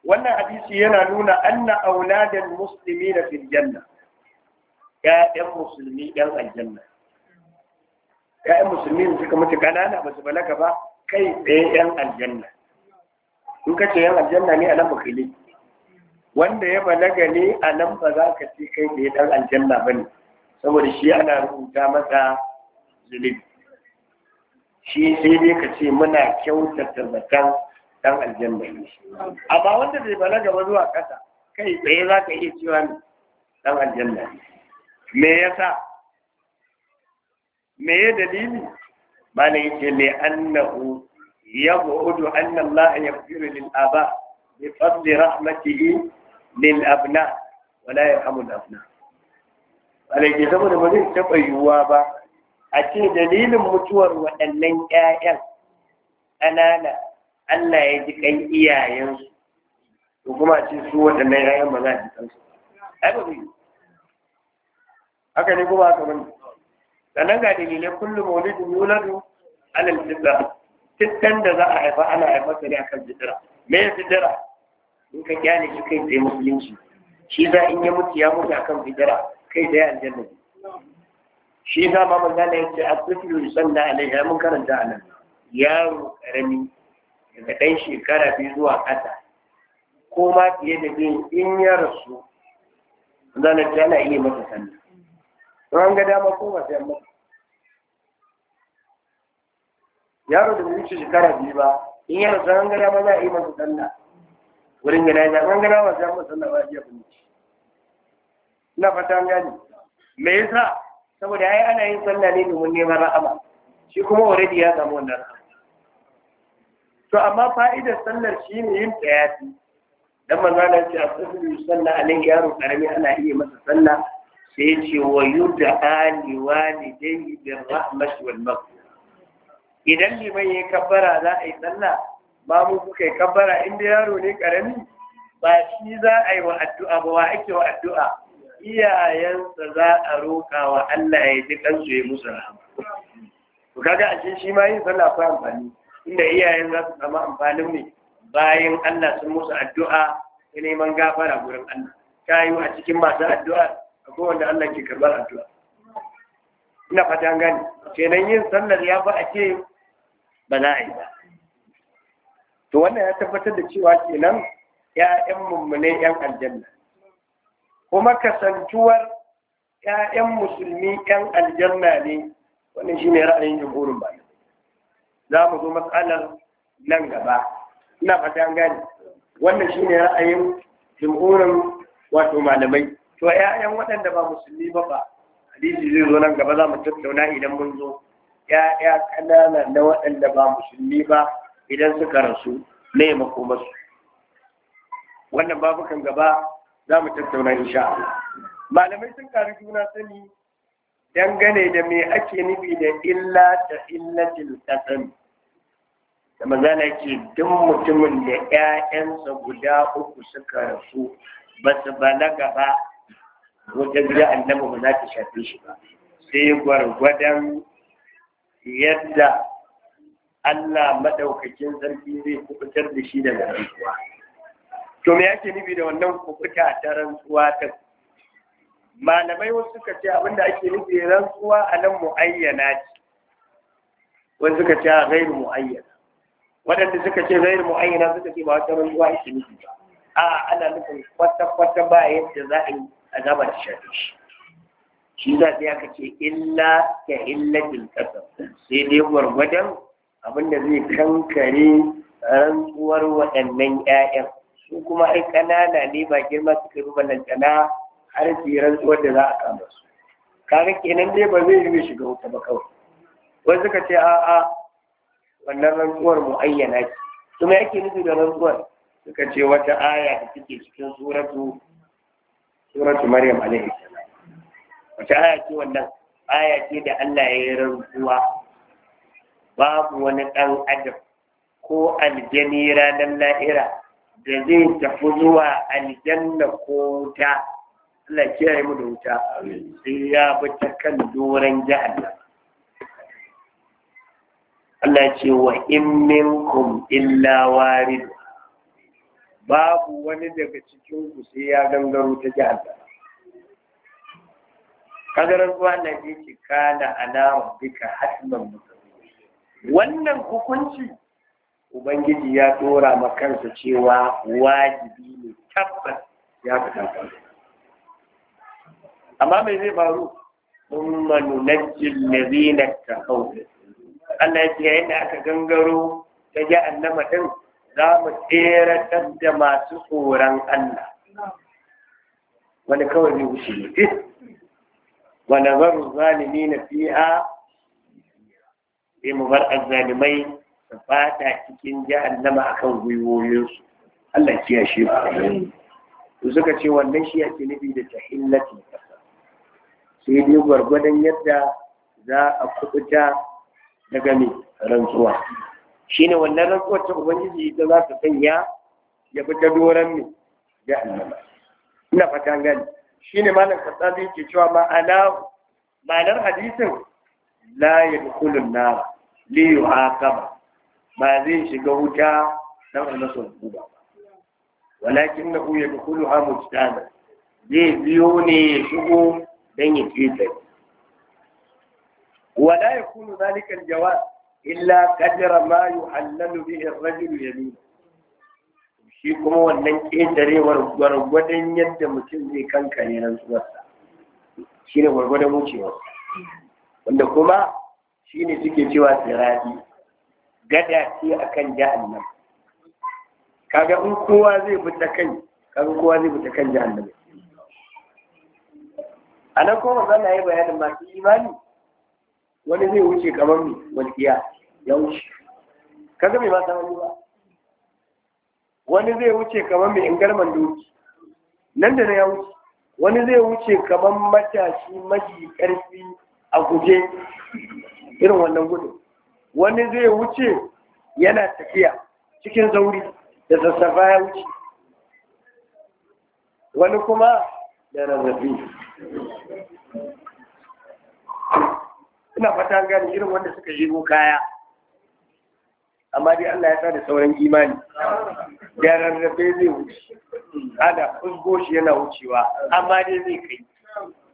wannan hadisi yana nuna anna auladan musulmi na filjanna ya'yan musulmi yan aljanna ya'yan musulmi da suka mutu kanana ba su balaga ba kai tsaye yan aljanna in ka ce yan aljanna ne a nan bukili wanda ya balaga ne a nan ba za ka ce kai tsaye ɗan aljanna ba ne saboda shi ana rubuta masa zunubi shi sai dai ka ce muna kyautata zakan dan aljanna ne ba wanda zai balaga ba zuwa ƙasa kai tsaye za ka iya cewa ne dan aljanna ne me yasa me ya dalili ba na yace ne annahu yab'udu anna Allah yaghfiru lil aba bi fadli rahmatihi lil abna wa la yarhamu al abna alai saboda ba zai taɓa yiwuwa ba a ce dalilin mutuwar waɗannan ƴaƴan ƙanana Allah ya ji kan iyayensu to kuma ce su waɗannan ƴaƴan ba za a ji kansu ai ba zai haka ne kuma haka bane sannan ga dalilai kullum maulidin yuladu alal fitra fitan da za a haifa ana haifar da ne akan fitra me ya fitra in ka kyale shi kai tsaye musulunci shi za in ya mutu ya mutu akan fitra kai ya aljanna shi za ba magana ya ce a kufiyu sannan alaiha mun karanta a nan yaro karami daga ɗan shekara biyu zuwa ƙasa ko ma fiye da biyu in ya rasu zanen yana iya masa to an ga dama ko wasu yamma yaro da wuce shekara biyu ba in ya rasu an ga dama za a iya masa sanda wurin gina ya an ga dama iya masa sanda ba a iya bincike ina fata an gani me yasa saboda ai ana yin sallah ne domin neman rahama shi kuma already ya samu wannan rahama to amma fa'idar sallar shi ne yin tayafi dan manzo na ce asali sallah anan yaro karami ana iya masa sallah sai ya ce wa yud'a li walidayhi bir rahmat wal idan liman ya kabbara za a yi sallah ba mu kuka yi kabbara inda yaro ne karami ba shi za a yi wa addu'a ba wa ake wa addu'a iyayensa za a roƙa wa Allah ya ji ɗansu ya musu rahama Ku kaga a shi ma yin sallah akwai amfani inda iyayen za su samu amfanin ne bayan Allah sun musu addu'a ta neman gafara gurin Allah ta yi a cikin masu addu'a a wanda Allah ke karɓar addu'a ina fata an gane kenan yin sallar ya fi a ce ba za a yi ba to wannan ya tabbatar da cewa kenan ya'yan mummune yan aljanna kuma kasantuwar ‘ya'yan musulmi ‘yan aljanna ne wannan shi ne ra'ayin jamhurin ba za mu zo matsalar nan gaba ina fata gani wannan shi ne ra'ayin jamhurin wato malamai to ‘ya'yan waɗanda ba musulmi ba ba hadisi zai zo nan gaba za mu tattauna idan mun zo ‘ya'ya ƙanana na waɗanda ba musulmi ba idan suka rasu ne makomarsu wannan babukan gaba za mu tattauna insha Allah malamai sun karu juna sani dangane da me ake nufi da illa da illatil qasam da magana ke duk mutumin da 'ya'yansa guda uku suka rasu ba su balaga ba wata gida annaba ba za ta shafe shi ba sai gwargwadon yadda Allah maɗaukakin sarki zai kubutar da shi daga rayuwa to me yake nufi da wannan kubuta ta rantsuwa ta malamai wasu suka ce abin da ake nufi rantsuwa a nan mu'ayyana ce wasu suka ce a gairu mu'ayyana waɗanda suka ce gairu mu'ayyana suka ce ba wata rantsuwa ake nufi ba a ana nufin kwata-kwata ba yadda za a yi a gaba da shafi shi shi za sai aka ce illa ka illatin ƙasa sai dai gwargwadon da zai kankare rantsuwar waɗannan 'ya'yan su kuma ai ƙanana ne ba girma suka yi balantana har tsiran wanda za a kama su kaga kenan dai ba zai yi shiga wuta ba kawai wai suka ce a a wannan rantsuwar mu ayyana ce kuma yake nufi da rantsuwar suka ce wata aya da take cikin suratu suratu maryam alaihi salam wata aya ce wannan aya ce da Allah ya yi rantsuwa babu wani ɗan adam ko aljani ranar Naira. da zai tafi zuwa aljanna ko wuta Allah kiyaye mu da wuta sai ya bi ta kan doron jahannam Allah ce wa in minkum illa warid babu wani daga cikin ku sai ya gangaro ta jahannam kadar ruwa na ce kana ala rabbika hasban wannan hukunci ubangiji ya dora ma kansa cewa wajibi ne tabbas ya fita amma me zai faru thumma nunajji allazina taqaw Allah ya ce yadda aka gangaro ta ji annama din za mu tsere da masu tsoron Allah wani kawai zai wuce ne wa na zalimina a? sai mu bar azzalimai su fata cikin jahannama akan gwiwoyinsu Allah ya kiyashe ku to suka ce wannan shi ake nufi da ta ƙasa. sai dai gwargwadon yadda za a kubuta daga mai rantsuwa Shi ne wannan rantsuwar ta ubangiji ita za ta sanya ya fita doron mai nama? ina fata gani shine malam kasabi ke cewa ma'ana ma'anar hadisin la na, liyu li yu'aqaba ba zai shiga wuta dan a masa ba walakin na ya dukulu ha mujtama zai biyo ne ya shigo dan ya keta wala ya yakunu zalika aljawab illa qadra ma yuhallalu bihi ar-rajulu yamin shi kuma wannan ƙetarewar gwargwadon yadda mutum zai kankane rantsuwarsa shi ne gwargwadon wucewa wanda kuma shi ne suke cewa tsiradi gada ce kan jahannam kaga in kowa zai fita kai kaga kowa zai bi kan kan A nan kuma zana yi bayanin masu imani wani zai wuce kamar mai wajiya ya wuce kaga mai masu hannu ba wani zai wuce kamar mai ingarman doki nan da na ya wuce wani zai wuce kamar matashi maji ƙarfi a guje irin wannan gudun wani zai wuce yana tafiya cikin zauri da sassafa ya wuce wani kuma da razzafi ina fata gani irin wanda suka shigo kaya amma dai Allah ya sa da sauran imani da rarrafe zai wuce ana fusgo shi yana wucewa amma dai zai kai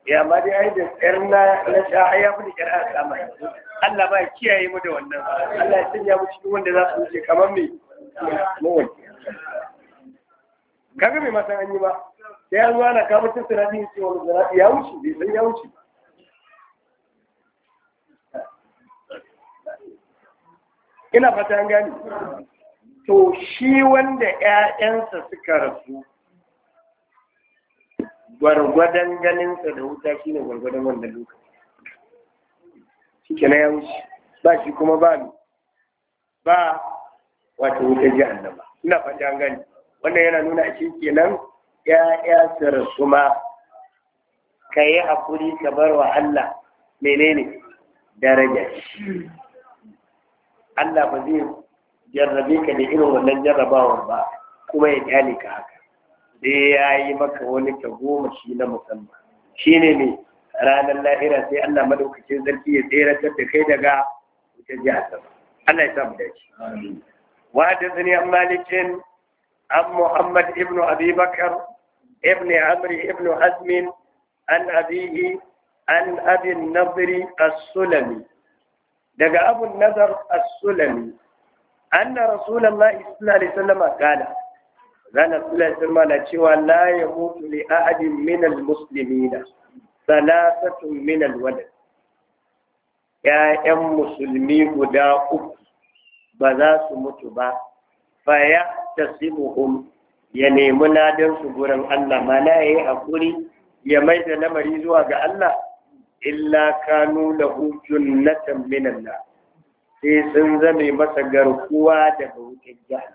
ya eh, ma dai ai da tsar na na sha ai ya fita kyar a sama Allah ba ya kiyaye mu da wannan Allah ya sanya mu cikin wanda za su wuce kamar me mu kaga mai matan an yi ba sai an zuwa na kamar cin sinadi ya ce wani sinadi ya wuce bai san ya wuce ina fata an gani to shi wanda 'ya'yansa suka rasu gwargwadon sa da wuta shine gwargwadon wannan lokaci shi ke na ya wuce ba shi kuma ba ba wata wutar annaba. ina an gani wannan yana nuna a cikin nan. ya'ya sirri kuma ka yi haƙuri ka bar wa Allah menene daraja Allah ba zai jarrabe ka da irin wannan jarrabawar ba kuma ya kyale ka haka sai ya yi maka wani ka goma shi na musamman shi ne ne ranar lahira sai Allah madaukakin sarki ya ta da kai daga a jihar Allah ya samu dace wa hadathani an malikin an muhammad ibnu abubakar Ibn ibnu amri ibnu azmin an abihi an abin Nazari, as-sulami daga abun nazar as-sulami anna rasulullahi sallallahu alaihi wasallam qala ranar sulaisirma na cewa la ya mutu a ahadin minal na salasatun minal walad ‘ya'yan musulmi guda uku ba za su mutu ba ya ta ya nemi su gurin Allah mana ya yi haƙuri ya mai da lamari zuwa ga Allah illa kanu lahu junnatan minan na sai sun zame masa garkuwa daga wutar jihar.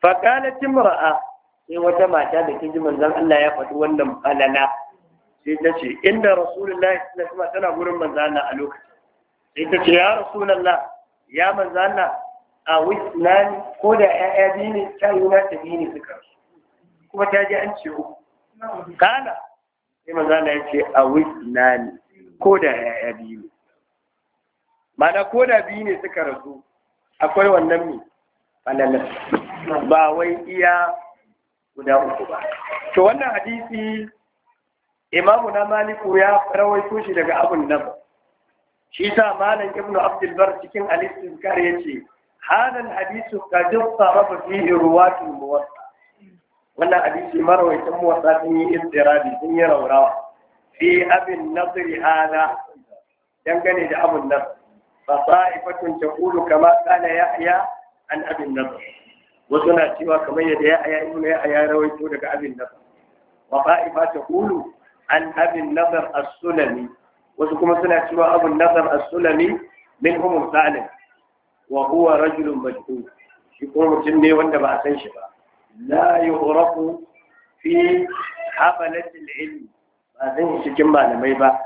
faƙalar timra'a sai wata mata da kin ji manzon Allah ya faɗi wannan alala sai ta ce inda rasulullahi sallallahu alaihi wasallam tana gurin manzon Allah a lokacin sai ta ce ya rasulullah ya manzon Allah a wisnani ko da ƴaƴa biyu ne ta yi na tafi ne suka kuma ta ji an ce uku kana sai manzon Allah ya ce a wisnani ko da ƴaƴa biyu ne ma'ana ko da biyu ne suka rasu akwai wannan mai, falalar ba wai iya guda uku ba to wannan hadisi imamu na maliku ya rawaito shi daga abun nan shi sa malam ibnu abdulbar cikin al-istizkar yace hadan hadisu qad sarrafa fihi ruwatul muwatta wannan hadisi marawaitan muwatta sun yi istirabi sun yi raurawa fi abin nadri hada dangane da abun nan fasa'ifatun taqulu kama kana yaya an abin nadri wasu na cewa kamar yadda ya aya ibn ya aya rawaito daga abin nazar. wa qa'ifa taqulu an abin nazar as-sulami wasu kuma suna cewa abin nazar as-sulami min al-salim wa huwa rajulun majhul shi kuma mutum ne wanda ba a san shi ba la yu'rafu fi habalati al-ilm ba zan shi cikin malamai ba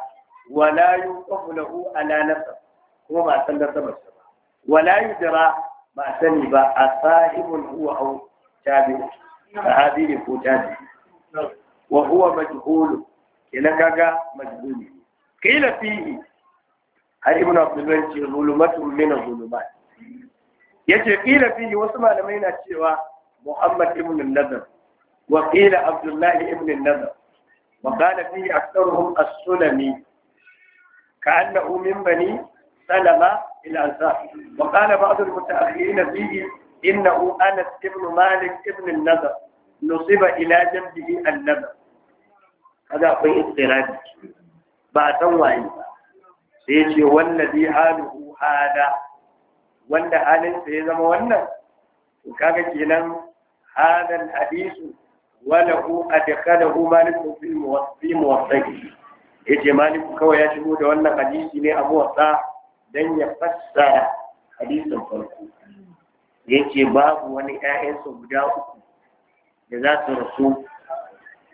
Wala la yuqafu lahu ala nasab kuma ba san nasabarsa ba wa la yudra ba sani ba a sahibun huwa au tabi sahabi ne ko tabi wa huwa majhulu kenan kaga majhuli qila fihi har ibn abdullah ce zulumatun min zulumat yace qila fihi wasu malamai na cewa muhammad ibn an-nadr wa qila abdullah ibn an-nadr wa qala fihi aktharuhum as-sulami كأنه من بني سلمة الأنصار وقال بعض المتأخرين فيه إنه أنس ابن مالك ابن النذر نصب إلى جنبه النذر هذا أخوي اضطراب بعد وعي سيجي والذي حاله هذا wanda halin ya zama wannan kaga kenan hadal hadisu wala hu adkhalahu malik fil muwaffaq yace malik kawai ya shigo da wannan hadisi ne a wasa. dan ya fassara hadisin farko ya ce babu wani ‘ya'yansa guda uku da za su rasu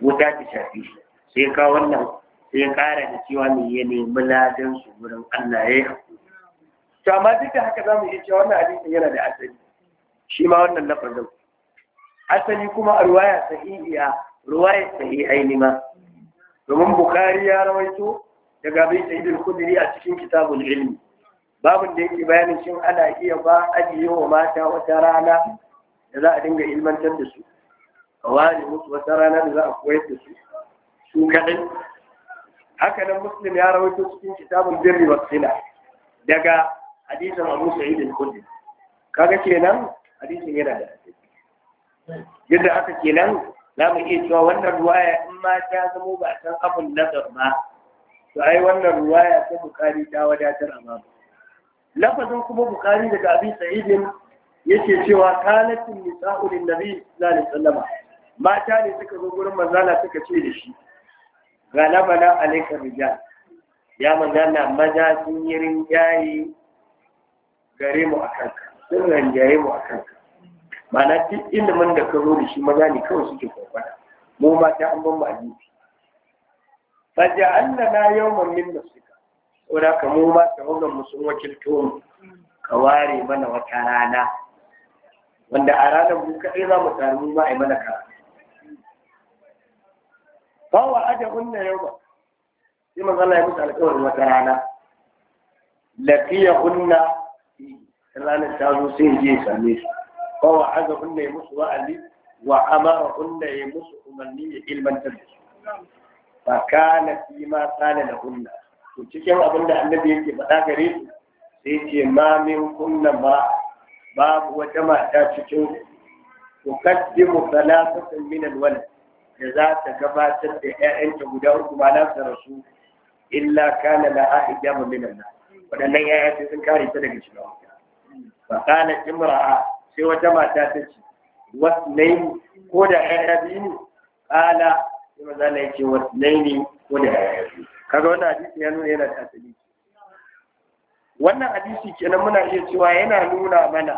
wuta ta shafi shi sai ka wannan sai ƙara da cewa mai ya nemi ladan su wurin Allah ya yi to amma duk da haka za mu iya cewa wannan hadisin yana da asali shi ma wannan lafazin asali kuma a ruwaya sahihiya ruwaya sahihi ma domin bukari ya rawaito daga bai sa'idul kudiri a cikin kitabul ilmi babin da yake bayanin shin ana iya ba ajiye wa mata wata rana da za a dinga ilmantar da su a ware musu wata rana da za a koyar da su su kaɗai haka nan muslim ya rawaito cikin kitabun birri wa sila daga hadisin abu sa'id al-khudri kaga kenan hadisin yana da yadda haka kenan za mu iya cewa wannan ruwaya in ma ta zamo ba san abun nazar ba to ai wannan ruwaya ta bukari ta wadatar a mamu lafazin kuma bukari daga abin sa'idin yake cewa kalatin nisa'u lin nabi sallallahu alaihi wasallam mata ne suka zo gurin manzala suka ce da shi galabana alayka rijal ya manzala maza sun yi rinjaye gare mu akan ka sun rinjaye mu akan ka Mana duk ilimin da ka zo da shi maza ne kawai suke kwakwada mu mata an ban mu a gefe Allah na yawman min nasik wadda ka mu ma tawagan mu sun wakilto mu ka ware mana wata rana wanda a ranar mu kaɗai za mu taru mu ma a yi mana karatu ba wa aja hunna yau ba sai manzo Allah ya musu alƙawarin wata rana Lafiya hunna ranar ta zo sai je same su ba wa aja hunna ya musu wa'azi wa amara hunna ya musu umarni ya ilmantar da su fa kana fi ma kana lahunna to cikin abin da annabi yake faɗa gare su sai ce ma min kunna ma babu wata mata cikin tukaddimu salasatan min alwalad da za ta gabatar da ƴaƴanta guda uku ma na su rasu illa kana laha hijabu min Allah waɗannan ƴaƴa sai sun kare ta daga shiga wuta kana imra'a sai wata mata ta ce wasnaini ko da ƴaƴa biyu ne kala sai maza na yake wasnaini ko da ƴaƴa biyu kaga wannan hadisi ya nuna yana da asali wannan hadisi kenan muna iya cewa yana nuna mana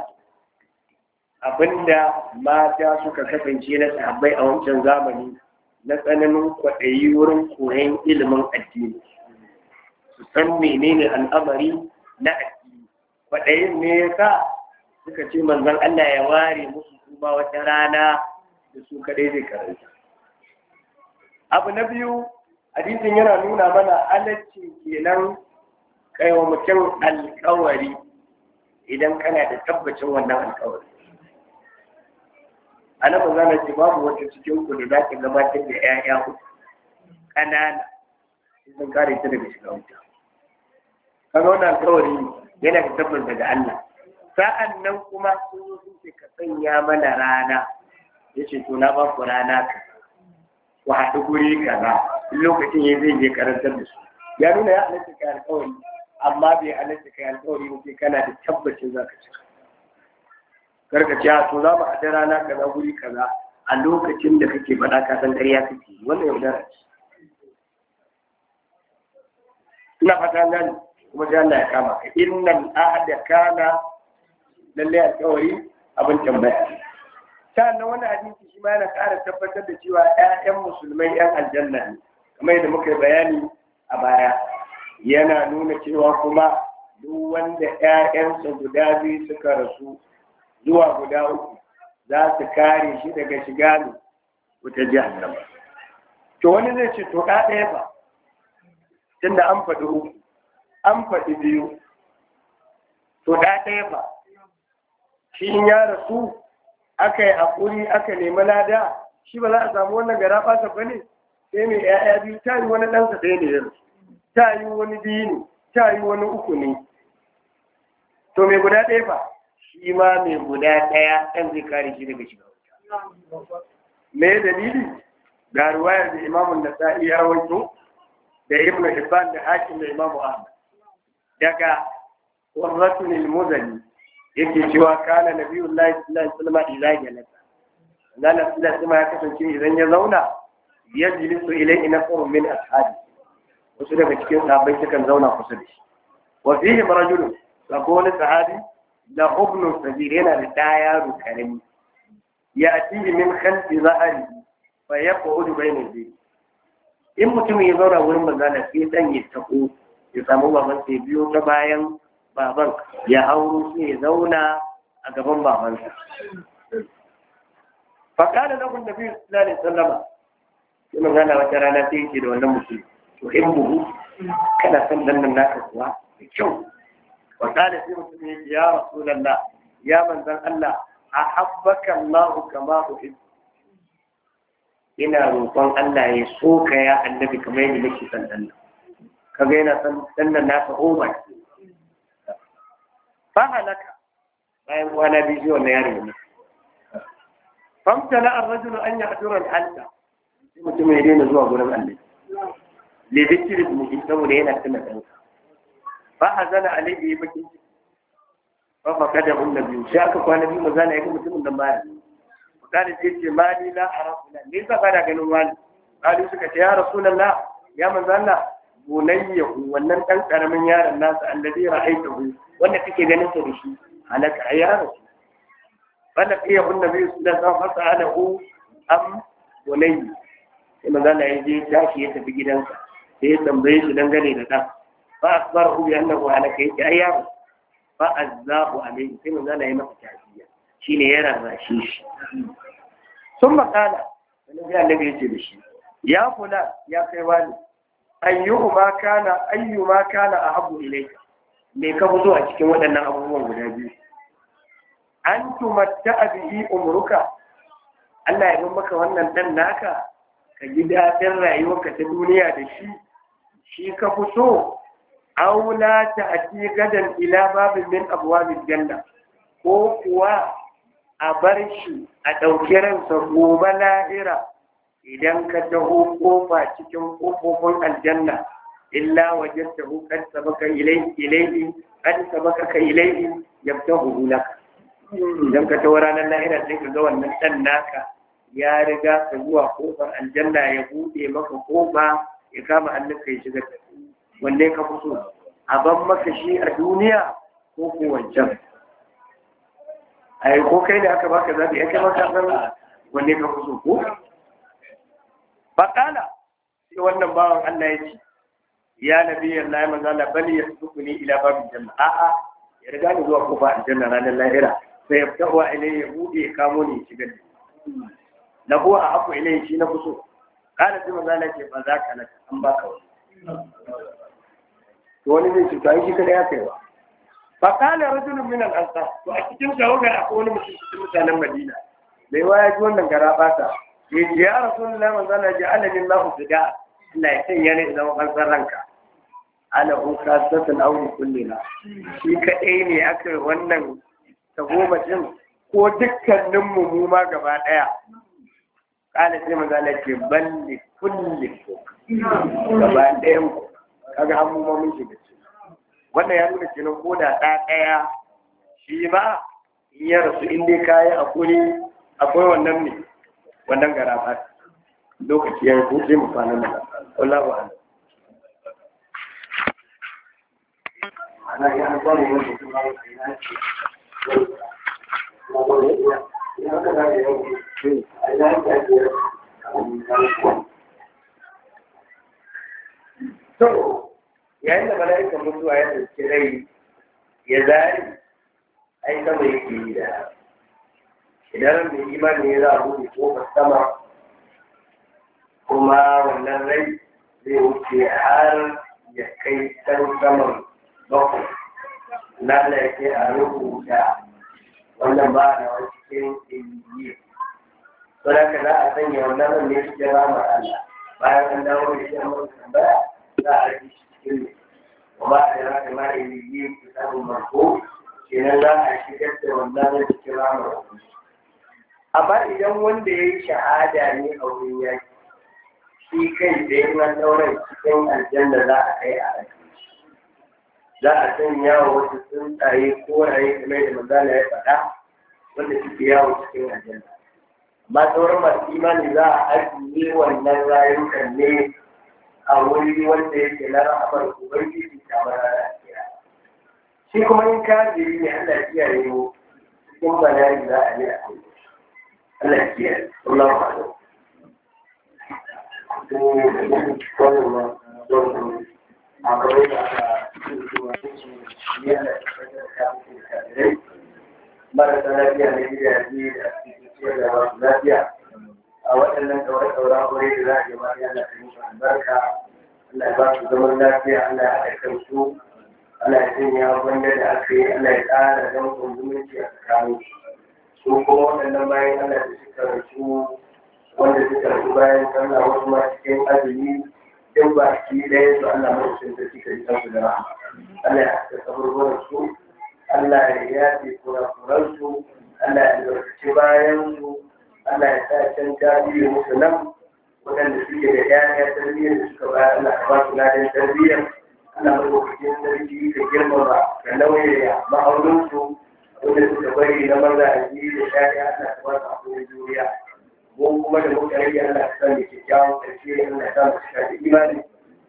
abinda mata suka kasance na sahabbai a wancan zamani na tsananin kwaɗayi wurin koyon ilimin addini su san menene al'amari na addini kwaɗayin ne ya sa suka ce manzon Allah ya ware musu kuma wata rana da su kaɗai zai karanta abu na biyu hadisin yana nuna mana alacci kenan kai wa mutum alkawari idan kana da tabbacin wannan alkawari a nan ba za babu wata cikin ku da za ki gabatar da 'ya'ya uku ƙanana sun kare ta daga shiga wuta kaga wannan alkawari yana da tabbas daga Allah sa'an nan kuma sun yi sun ce ka sanya mana rana ya ce to na ba ku rana ka ku haɗu guri kaza lokacin ya zai je karantar da su ya nuna ya halatta kai alƙawari amma bai halatta kai alƙawari ba sai kana da tabbacin za ka cika ce to za mu haɗa rana kaza guri kaza a lokacin da kake faɗa ka san ƙarya kake wannan yaudara ce ina fata nan kuma sai Allah ya kama ka innal ahda kana lallai alƙawari abin tambaya sannan wani hadisi shi ma yana ƙara tabbatar da cewa ƴaƴan musulmai ƴan aljanna ne kamar yadda muka yi bayani a baya yana nuna cewa kuma duk wanda ƴaƴansa guda biyu suka rasu zuwa guda uku za su kare shi daga shiga ne wata jihannama to wani zai ce to ɗa ɗaya ba tunda an faɗi uku an faɗi biyu to ɗa ɗaya ba shi in ya rasu aka yi haƙuri aka nemi lada shi ba za a samu wannan gara ɓasa ba ne sai mai ‘ya'ya biyu ta yi wani ɗansa ɗaya ne yanzu ta yi wani biyu ne ta yi wani uku ne to mai guda ɗaya ba shi ma mai guda ɗaya ɗan zai kare shi daga shiga wuta me dalili ga ruwayar da imamun nasa'i ya rawaito da ibnu hibban da hakim da imamu ahmad daga warratun al-muzani yake cewa kana nabiyullahi sallallahu alaihi wasallam idza jalasa lalla sallallahu alaihi ya kasance idan ya zauna ilai ina nafarun min ashabi wasu daga cikin sahabbai sukan zauna kusa da shi wa fihi rajulun akwai wani sahabi da ibn sabir yana da ɗaya karami ya'tihi min khalfi zahari fa yaq'udu bayna yadayhi in mutum ya zauna wurin manzana sai dan ya tako ya samu baban sai biyo ta bayan baban ya hauro sai ya zauna a gaban babansa faƙada na kun tafi suna ne sallama sai mun gana wata rana ta yake da wannan mutum to in buhu kana san dan nan naka kuwa da kyau faƙada sai mutum ya ce ya rasulallah ya manzan Allah a habbaka Allah kama uhibbu ina roƙon Allah ya soka ya annabi kamar yadda nake san dan nan kaga yana san dan nan naka umar oh fa halaka bayan kwana biyu shi wannan yaro ne famta na arrajulu an ya ajura alta sai mutum ya daina zuwa gurin Allah le zikiri mu saboda yana tuna danka fa hazana alayhi bakin ciki fa fa kada hun biyu sai aka kwana biyu mazana ya ga mutumin da baya ce ba ganin wani kalu suka ce ya bunayyahu wannan ɗan ƙaramin yaron nasa allazi ra'aytahu wanda kake ganin sa da shi halaka ya rasu bana iya hunna bai su da san fasa alahu am bunayyi sai magana ya je tashi ya tafi gidansa sai ya tambaye shi dangane da ɗan fa asbarahu bi annahu halaka yake ai yaro fa azzahu alayhi sai magana ya masa tafiya shine ya rarrashe shi sun makala wani sai annabi ya ce da shi ya kula ya kai wani ma kana ma kana ahabu ilayka me ka fi a cikin waɗannan abubuwan guda biyu an tumatta bihi umruka Allah ya bar maka wannan dan naka ka gida daɗin rayuwarka ta duniya da shi shi ka fi so aula ta ati gadan ila babin min abwabil janna ko kuwa a bar shi a ɗauki ransa gobe lahira idan ka taho kofa cikin kofofin aljanna illa wajadtahu qad sabaka ilayhi ilayhi ya sabaka ilayhi yabtahu ka. idan ka taho ranar lahira sai ka ga wannan dan naka ya riga ka zuwa kofar aljanna ya bude maka kofa ya kama annaka ya shiga wanne ka fi so a ban maka shi a duniya ko ko wancan ai ko kai da aka baka zabi ya kai maka san wanne ka fi so ko faƙala sai wannan bawan Allah ya ce ya nabi Allah ya maza la bani ya ni ila babin janna a'a ya riga ni zuwa kofa aljanna ranar lahira sai ya fita wa ilai ya bude ya kamo ni ya shiga ni na huwa a haku ilai shi na kuso kana sai maza la ce ba za ka naka an baka wani to wani zai ce cuta shi kada ya kai ba faƙala rajulun min al-ansar to a cikin shawagar akwai wani mutum cikin mutanen Madina mai waya ji wannan gara ba yace ya rasulullahi manzo Allah ja'ala billahu fida Allah ya sanya ni zama kalsar ranka ana hu kasatan auri kullina shi kadai ne aka wannan tagomacin ko dukkanin mu mu ma gaba ɗaya. kana sai manzo Allah ce balli kulli gaba ɗayan ku kaga an mu ma mun shiga wannan ya nuna kenan ko da da ɗaya shi ba, in ya rasu in dai kayi akwai akwai wannan ne wannan gara ba lokaci ya yi sai mu kwana ana ba mu wani ka da ya da yayin da mala'ikan mutuwa ya dauki rai ya zari ai kama yake yi da idan mai imani ne za a buɗe kofar sama kuma wannan rai zai wuce har ya kai can saman bakwai na da yake a rubuta wannan ba na wani cikin injiye don haka za a sanya wannan ran ne cikin ramar Allah bayan an dawo da shi a mun tambaya za a rage shi cikin ne kuma a da raka mara injiye ta samun marko kenan za a shigar da wannan ran cikin ramar Allah amma idan wanda ya yi shahada ne a wurin yaki shi kai da yi na ɗaurin cikin aljanna za a kai a rafi za a san yawo wasu tsuntsaye ko raye kamar da manzana ya faɗa wanda suke yawo cikin aljanna amma sauran masu imani za a ajiye wannan rayukan ne a wuri wanda yake na rahamar ubangiji kamar rana shi kuma in kafiri ne Allah ya kiyaye mu cikin bala'i za a yi a kai الاحتيال والله أعلم marasa lafiya ne ya yi a cikin da wasu lafiya a waɗannan ɗaure-ɗauren aure da za a yi wani yana da musu albarka Allah ba su zaman lafiya Allah ya haɗa kansu Allah ya sanya wanda da aka yi Allah ya ƙara don kunzumunci a tsakanin su kuma waɗannan bayan ana da suka rasu wanda suka rasu bayan sallah wasu ma cikin azumi duk ba shi ɗaya su Allah mutum da suka yi kansu da rahama Allah ya haska kaburburan su Allah ya yafe kurakuran su Allah ya albarkaci bayan su Allah ya sa can jariye musu nan waɗanda suke da ƴaƴa tarbiyyar da suka bayar Allah ya ba su ladan tarbiyyar Allah mai wakilin sarki ka girmama ka nauyaya ma'auninsu wanda suka bari na maza a jiri da shari'a ana kuma su akwai juriya ko kuma da muka rage ana su san da kyakkyawan ƙarshe ana sa mu cika da imani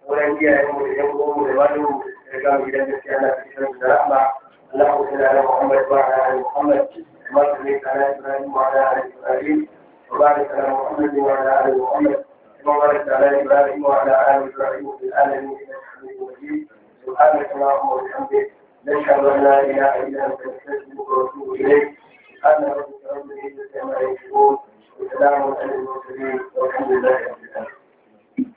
wurin iyayen mu da yan uwan mu da wani mu da ga mu gidan gaskiya ana su cika da rahama Allahu ta'ala ala Muhammad wa ala ali Muhammad kama sallaita ala Ibrahim wa ala ali Ibrahim wa barik ala Muhammad wa ala ali Muhammad كما باركت على إبراهيم وعلى آل إبراهيم في العالمين إنك حميد مجيد سبحانك اللهم وبحمدك نشهد أن لا إله إلا أنت نستغفرك ونتوب إليك أنا ربك رب العزة عما يشركون وسلام على المرسلين والحمد لله رب العالمين